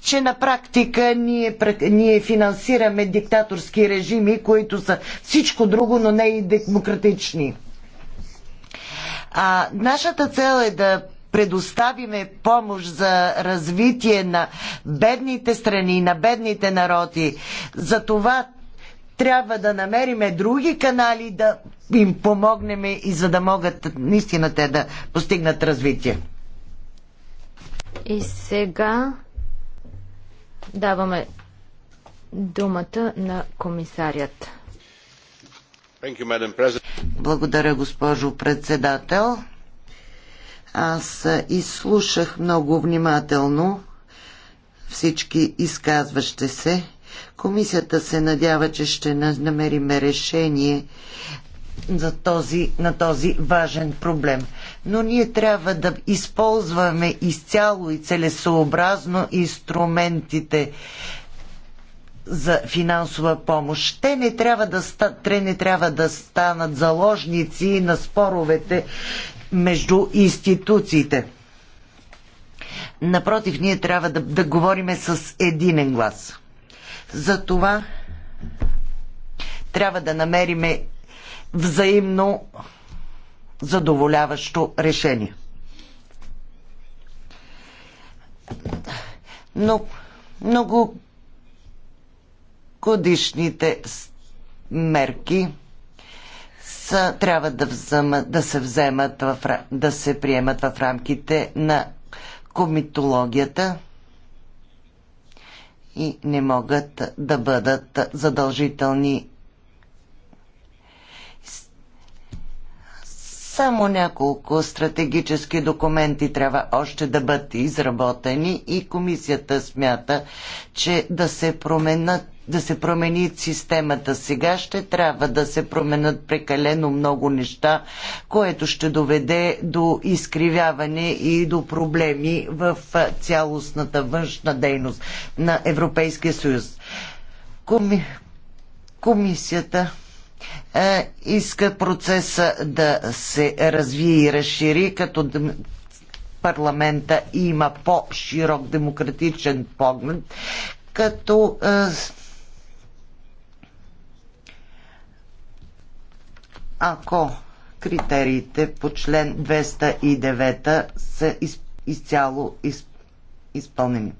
че на практика ние, ние финансираме диктаторски режими, които са всичко друго, но не и демократични. А, нашата цел е да предоставиме помощ за развитие на бедните страни, на бедните народи. За това трябва да намериме други канали да им помогнем и за да могат наистина те да постигнат развитие. И сега даваме думата на комисарият. Благодаря, госпожо председател. Аз изслушах много внимателно всички изказващи се Комисията се надява, че ще намерим решение за този, на този важен проблем. Но ние трябва да използваме изцяло и целесообразно инструментите за финансова помощ. Те не трябва да, ста, те не трябва да станат заложници на споровете между институциите. Напротив, ние трябва да, да говориме с единен глас. За това трябва да намериме взаимно задоволяващо решение. Но много годишните мерки са, трябва да, взема, да се вземат в, да се приемат в рамките на комитологията и не могат да бъдат задължителни. Само няколко стратегически документи трябва още да бъдат изработени и комисията смята, че да се променят да се промени системата сега, ще трябва да се променят прекалено много неща, което ще доведе до изкривяване и до проблеми в цялостната външна дейност на Европейския съюз. Коми... Комисията е, иска процеса да се развие и разшири, като парламента има по-широк демократичен поглед, като е, ако критериите по член 209 са из, изцяло из, изпълнени.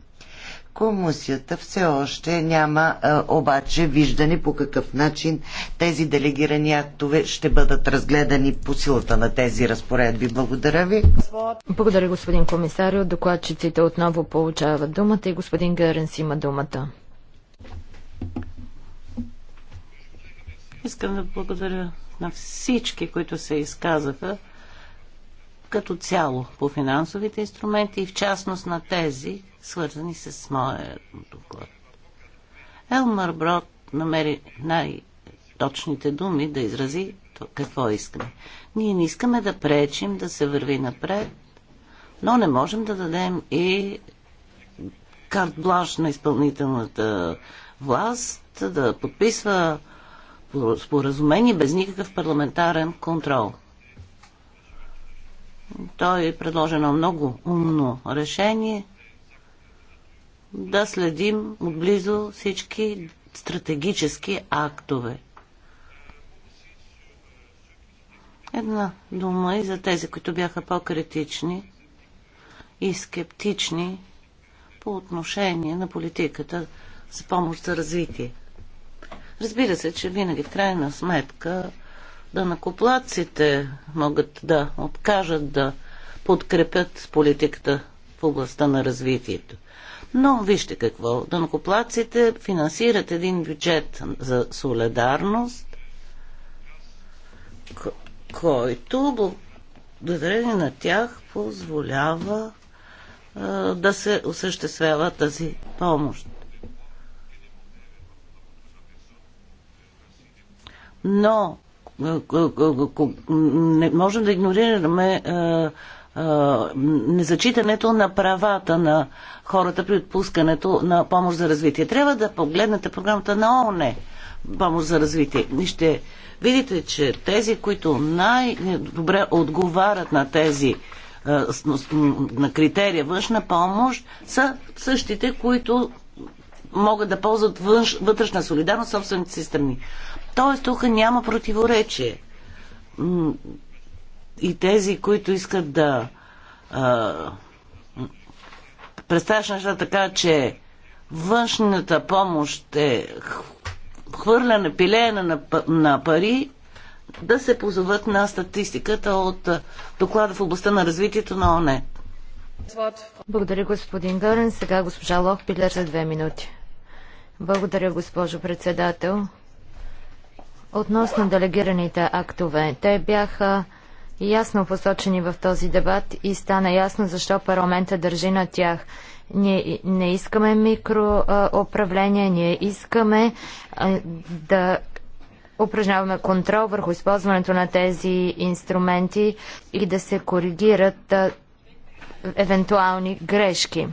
Комисията все още няма а, обаче виждане по какъв начин тези делегирани актове ще бъдат разгледани по силата на тези разпоредби. Благодаря ви. Благодаря, господин комисар. Докладчиците отново получават думата и господин Гаренс има думата. Искам да благодаря на всички, които се изказаха като цяло по финансовите инструменти и в частност на тези, свързани с моя доклад. Елмар Брод намери най-точните думи да изрази какво искаме. Ние не искаме да пречим да се върви напред, но не можем да дадем и карт бланш на изпълнителната власт да подписва споразумение без никакъв парламентарен контрол. Той е предложено много умно решение да следим отблизо всички стратегически актове. Една дума и за тези, които бяха по-критични и скептични по отношение на политиката за помощ за развитие. Разбира се, че винаги в крайна сметка да накоплаците могат да откажат да подкрепят политиката в областта на развитието. Но вижте какво. Дънкоплаците финансират един бюджет за солидарност, който благодарение на тях позволява а, да се осъществява тази помощ. но е, е, е, не можем да игнорираме незачитането на правата на хората при отпускането на помощ за развитие. Трябва да погледнете програмата на ООН помощ за развитие. И ще видите, че тези, които най-добре отговарят на тези на критерия външна помощ, са същите, които могат да ползват вътрешна солидарност в собствените си страни. Тоест, тук няма противоречие. И тези, които искат да а, представяш нещата така, че външната помощ е хвърляне, пилеене на, на пари, да се позоват на статистиката от доклада в областта на развитието на ОНЕ. Благодаря, господин Гърен. Сега госпожа Лох Пилер за две минути. Благодаря, госпожо председател. Относно делегираните актове, те бяха ясно посочени в този дебат и стана ясно защо парламента държи на тях. Ние не искаме микроуправление, ние искаме да упражняваме контрол върху използването на тези инструменти и да се коригират евентуални грешки.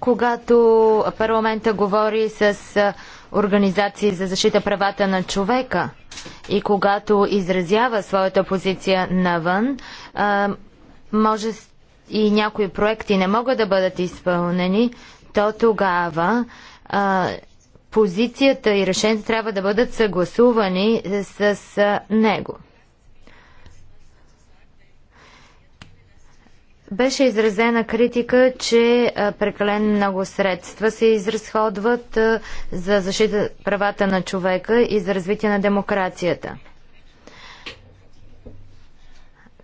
когато парламента говори с организации за защита правата на човека и когато изразява своята позиция навън, може и някои проекти не могат да бъдат изпълнени, то тогава позицията и решението трябва да бъдат съгласувани с него. Беше изразена критика, че прекалено много средства се изразходват за защита правата на човека и за развитие на демокрацията.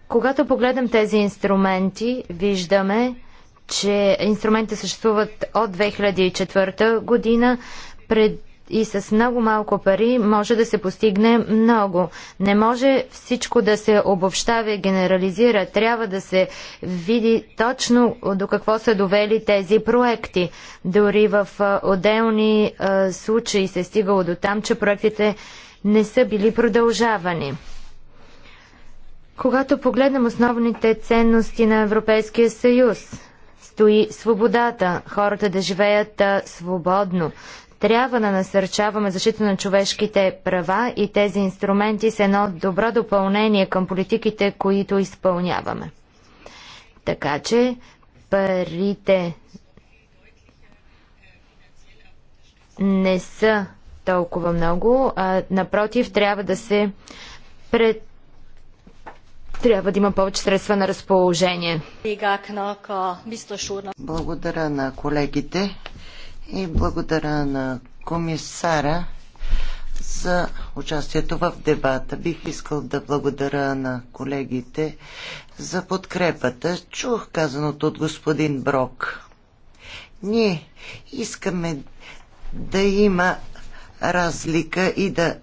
Когато погледам тези инструменти, виждаме, че инструментите съществуват от 2004 година. Пред, и с много малко пари може да се постигне много. Не може всичко да се обобщава и генерализира. Трябва да се види точно до какво са довели тези проекти. Дори в отделни а, случаи се е стигало до там, че проектите не са били продължавани. Когато погледнем основните ценности на Европейския съюз, стои свободата, хората да живеят свободно, трябва да насърчаваме защита на човешките права и тези инструменти са едно добро допълнение към политиките, които изпълняваме. Така че парите не са толкова много, а напротив, трябва да се пред трябва да има повече средства на разположение. Благодаря на колегите. И благодаря на комисара за участието в дебата. Бих искал да благодаря на колегите за подкрепата. Чух казаното от господин Брок. Ние искаме да има разлика и да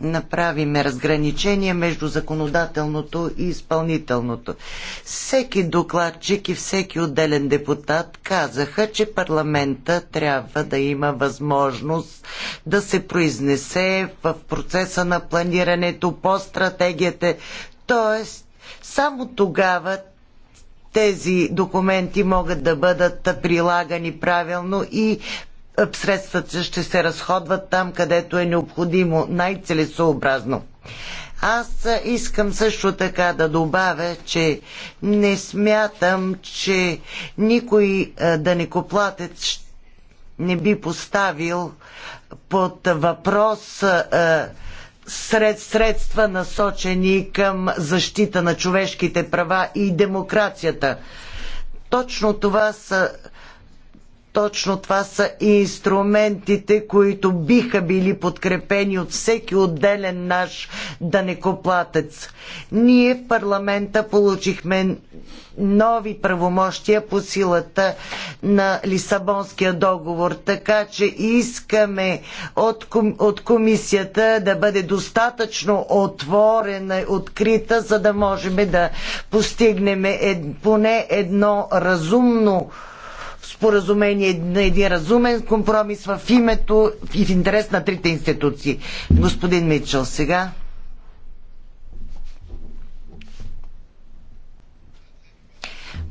направим разграничение между законодателното и изпълнителното. Всеки докладчик и всеки отделен депутат казаха, че парламента трябва да има възможност да се произнесе в процеса на планирането по стратегията, Тоест, само тогава тези документи могат да бъдат прилагани правилно и средствата ще се разходват там, където е необходимо, най-целесообразно. Аз искам също така да добавя, че не смятам, че никой е, данекоплатец не би поставил под въпрос е, сред средства насочени към защита на човешките права и демокрацията. Точно това са точно това са инструментите, които биха били подкрепени от всеки отделен наш данекоплатец. Ние в парламента получихме нови правомощия по силата на Лисабонския договор. Така че искаме от, ком, от комисията да бъде достатъчно отворена, и открита, за да можем да постигнем ед, поне едно разумно споразумение на един разумен компромис в името и в интерес на трите институции. Господин Митчел, сега.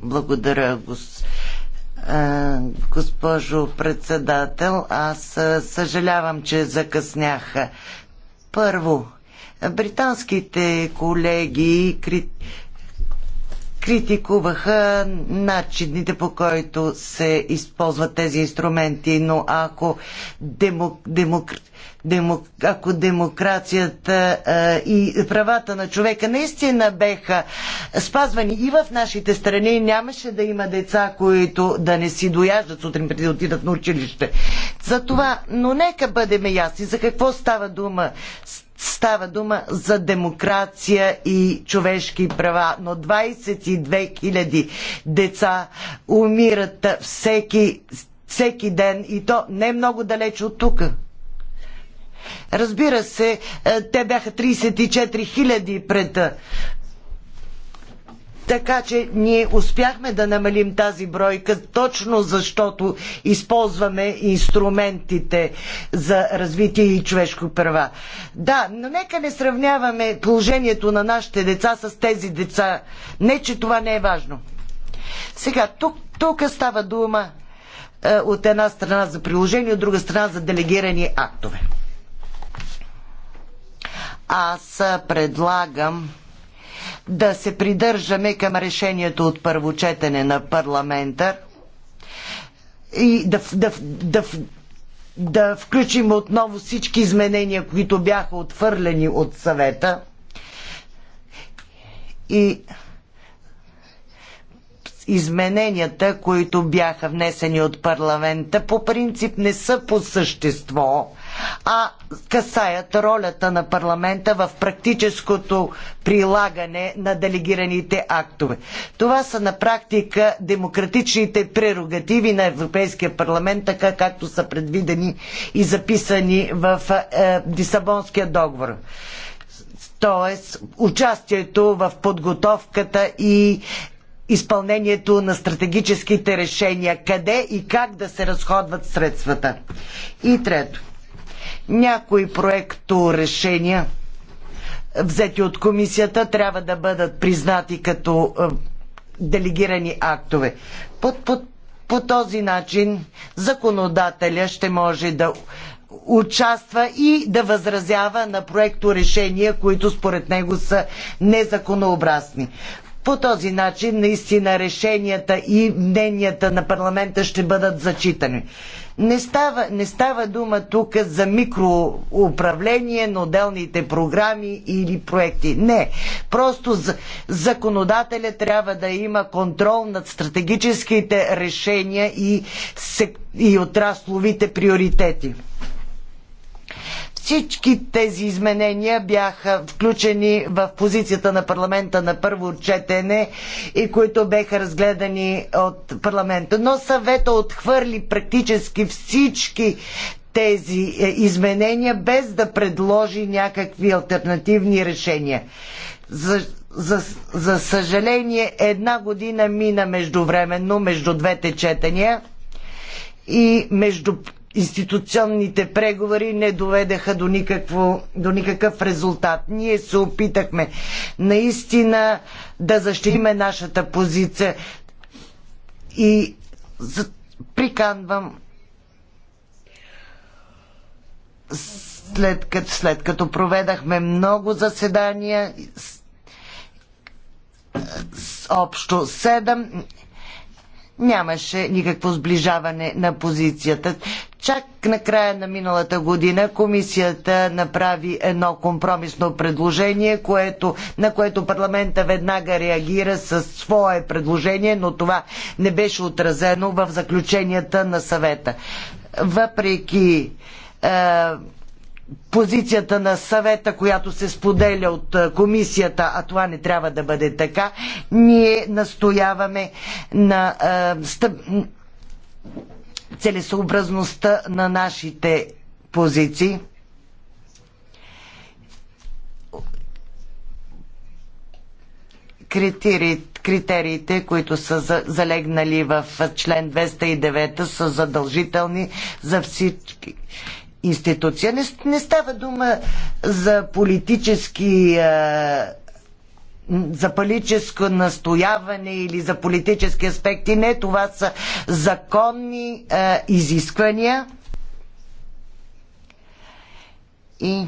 Благодаря, гос... госпожо председател. Аз съжалявам, че закъснях. Първо, британските колеги крит критикуваха начините по който се използват тези инструменти, но ако, демок, демок, демок, ако демокрацията а, и правата на човека наистина беха спазвани и в нашите страни, нямаше да има деца, които да не си дояждат сутрин преди да отидат на училище. За това, но нека бъдем ясни за какво става дума. Става дума за демокрация и човешки права, но 22 000 деца умират всеки, всеки ден и то не много далеч от тук. Разбира се, е, те бяха 34 000 пред е, така че ние успяхме да намалим тази бройка точно защото използваме инструментите за развитие и човешко права. Да, но нека не сравняваме положението на нашите деца с тези деца. Не, че това не е важно. Сега, тук, тук става дума е, от една страна за приложение, от друга страна за делегирани актове. Аз предлагам да се придържаме към решението от първо четене на парламента и да, да, да, да включим отново всички изменения, които бяха отвърлени от съвета. И измененията, които бяха внесени от парламента, по принцип не са по същество а касаят ролята на парламента в практическото прилагане на делегираните актове. Това са на практика демократичните прерогативи на Европейския парламент, така както са предвидени и записани в е, Лисабонския договор Тоест, участието в подготовката и изпълнението на стратегическите решения, къде и как да се разходват средствата. И трето, някои проекто решения, взети от комисията, трябва да бъдат признати като е, делегирани актове. По, по, по този начин законодателя ще може да участва и да възразява на проекто решения, които според него са незаконообразни. По този начин наистина решенията и мненията на парламента ще бъдат зачитани. Не става, не става дума тук за микроуправление на отделните програми или проекти. Не. Просто законодателя трябва да има контрол над стратегическите решения и, и отрасловите приоритети. Всички тези изменения бяха включени в позицията на парламента на първо четене и които бяха разгледани от парламента. Но съвета отхвърли практически всички тези е, изменения, без да предложи някакви альтернативни решения. За, за, за съжаление, една година мина междувременно между двете четения и между институционните преговори не доведеха до, никакво, до никакъв резултат. Ние се опитахме наистина да защитиме нашата позиция и приканвам след като, след като проведахме много заседания с общо седем, нямаше никакво сближаване на позицията. Чак на края на миналата година комисията направи едно компромисно предложение, което, на което парламента веднага реагира със свое предложение, но това не беше отразено в заключенията на съвета. Въпреки е, позицията на съвета, която се споделя от е, комисията, а това не трябва да бъде така, ние настояваме на е, стъп целесообразността на нашите позиции. критериите, които са залегнали в член 209, са задължителни за всички институции. Не, не става дума за политически а, запалическо настояване или за политически аспекти. Не, това са законни а, е, изисквания. И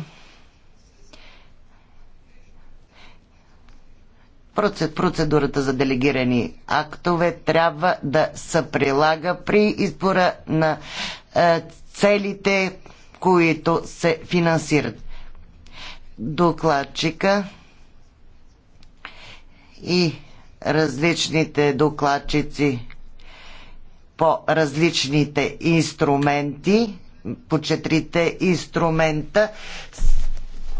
процедурата за делегирани актове трябва да се прилага при избора на е, целите, които се финансират. Докладчика и различните докладчици по различните инструменти, по четирите инструмента,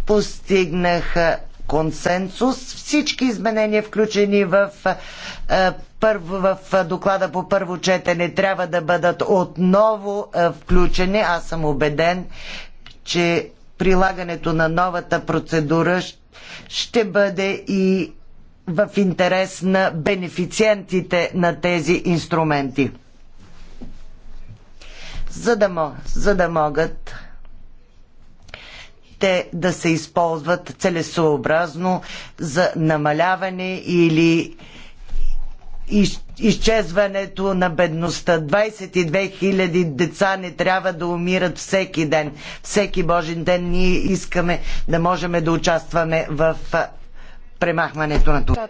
постигнаха консенсус. Всички изменения, включени в, е, първо, в доклада по първо четене, трябва да бъдат отново е, включени. Аз съм убеден, че прилагането на новата процедура ще бъде и в интерес на бенефициентите на тези инструменти. За да, за да могат те да се използват целесообразно за намаляване или из, изчезването на бедността. 22 000 деца не трябва да умират всеки ден. Всеки Божи ден ние искаме да можем да участваме в премахването на това.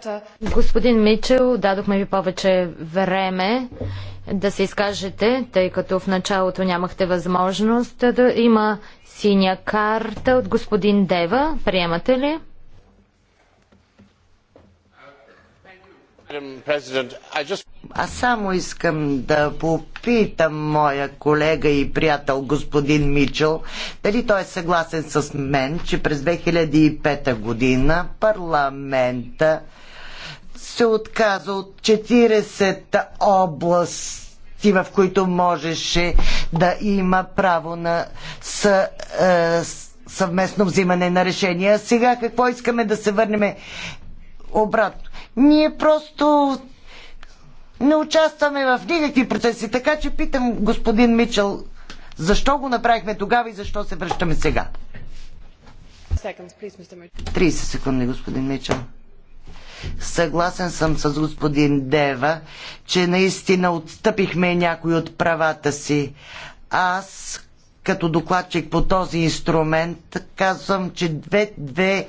Господин Мичел, дадохме ви повече време да се изкажете, тъй като в началото нямахте възможност да има синя карта от господин Дева. Приемате ли? Аз само искам да попитам моя колега и приятел господин Мичел, дали той е съгласен с мен, че през 2005 година парламента се отказа от 40 области, в които можеше да има право на съ, е, съвместно взимане на решения. Сега какво искаме да се върнем обратно. Ние просто не участваме в никакви процеси. Така че питам господин Мичел, защо го направихме тогава и защо се връщаме сега? 30 секунди, господин Мичел. Съгласен съм с господин Дева, че наистина отстъпихме някои от правата си. Аз като докладчик по този инструмент. Казвам, че две, две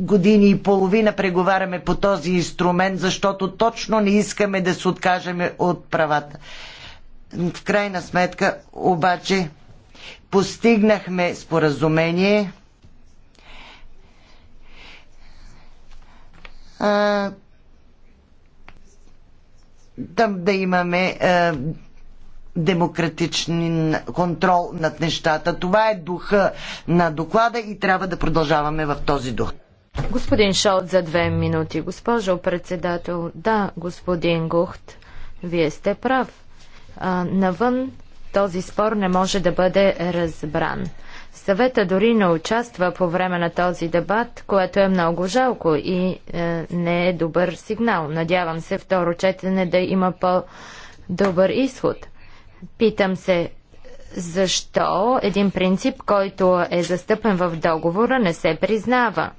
години и половина преговаряме по този инструмент, защото точно не искаме да се откажеме от правата. В крайна сметка, обаче, постигнахме споразумение. А, да, да имаме. А, демократичен контрол над нещата. Това е духа на доклада и трябва да продължаваме в този дух. Господин Шолт за две минути. Госпожо председател, да, господин Гухт, вие сте прав. А, навън този спор не може да бъде разбран. Съвета дори не участва по време на този дебат, което е много жалко и е, не е добър сигнал. Надявам се второ четене да има по-добър изход. Питам се защо един принцип, който е застъпен в договора, не се признава.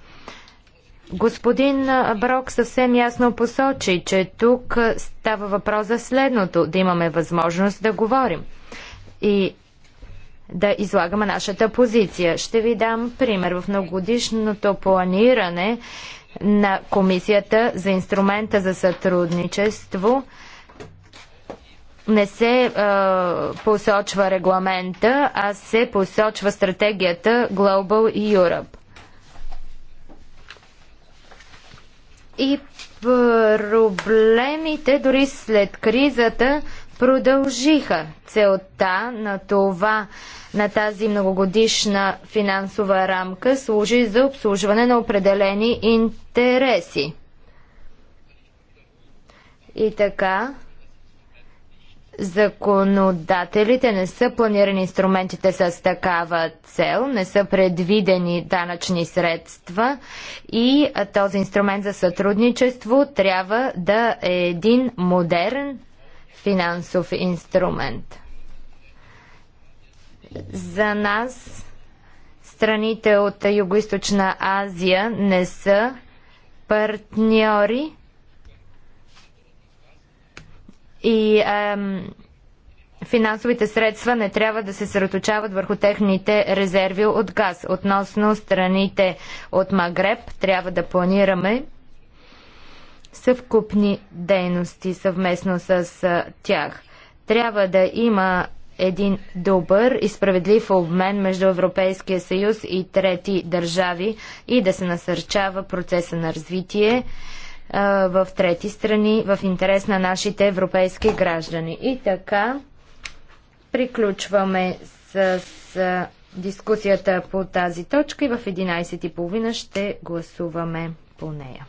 Господин Брок съвсем ясно посочи, че тук става въпрос за следното да имаме възможност да говорим и да излагаме нашата позиция. Ще ви дам пример. В многогодишното планиране на Комисията за инструмента за сътрудничество не се а, е, посочва регламента, а се посочва стратегията Global Europe. И проблемите дори след кризата продължиха. Целта на това, на тази многогодишна финансова рамка служи за обслужване на определени интереси. И така, Законодателите не са планирани инструментите с такава цел, не са предвидени данъчни средства и този инструмент за сътрудничество трябва да е един модерн финансов инструмент. За нас страните от Юго-Источна Азия не са партньори и ам, финансовите средства не трябва да се съроточават върху техните резерви от газ. Относно страните от Магреб, трябва да планираме съвкупни дейности съвместно с тях. Трябва да има един добър и справедлив обмен между Европейския съюз и трети държави и да се насърчава процеса на развитие в трети страни в интерес на нашите европейски граждани. И така, приключваме с, с дискусията по тази точка и в 11.30 ще гласуваме по нея.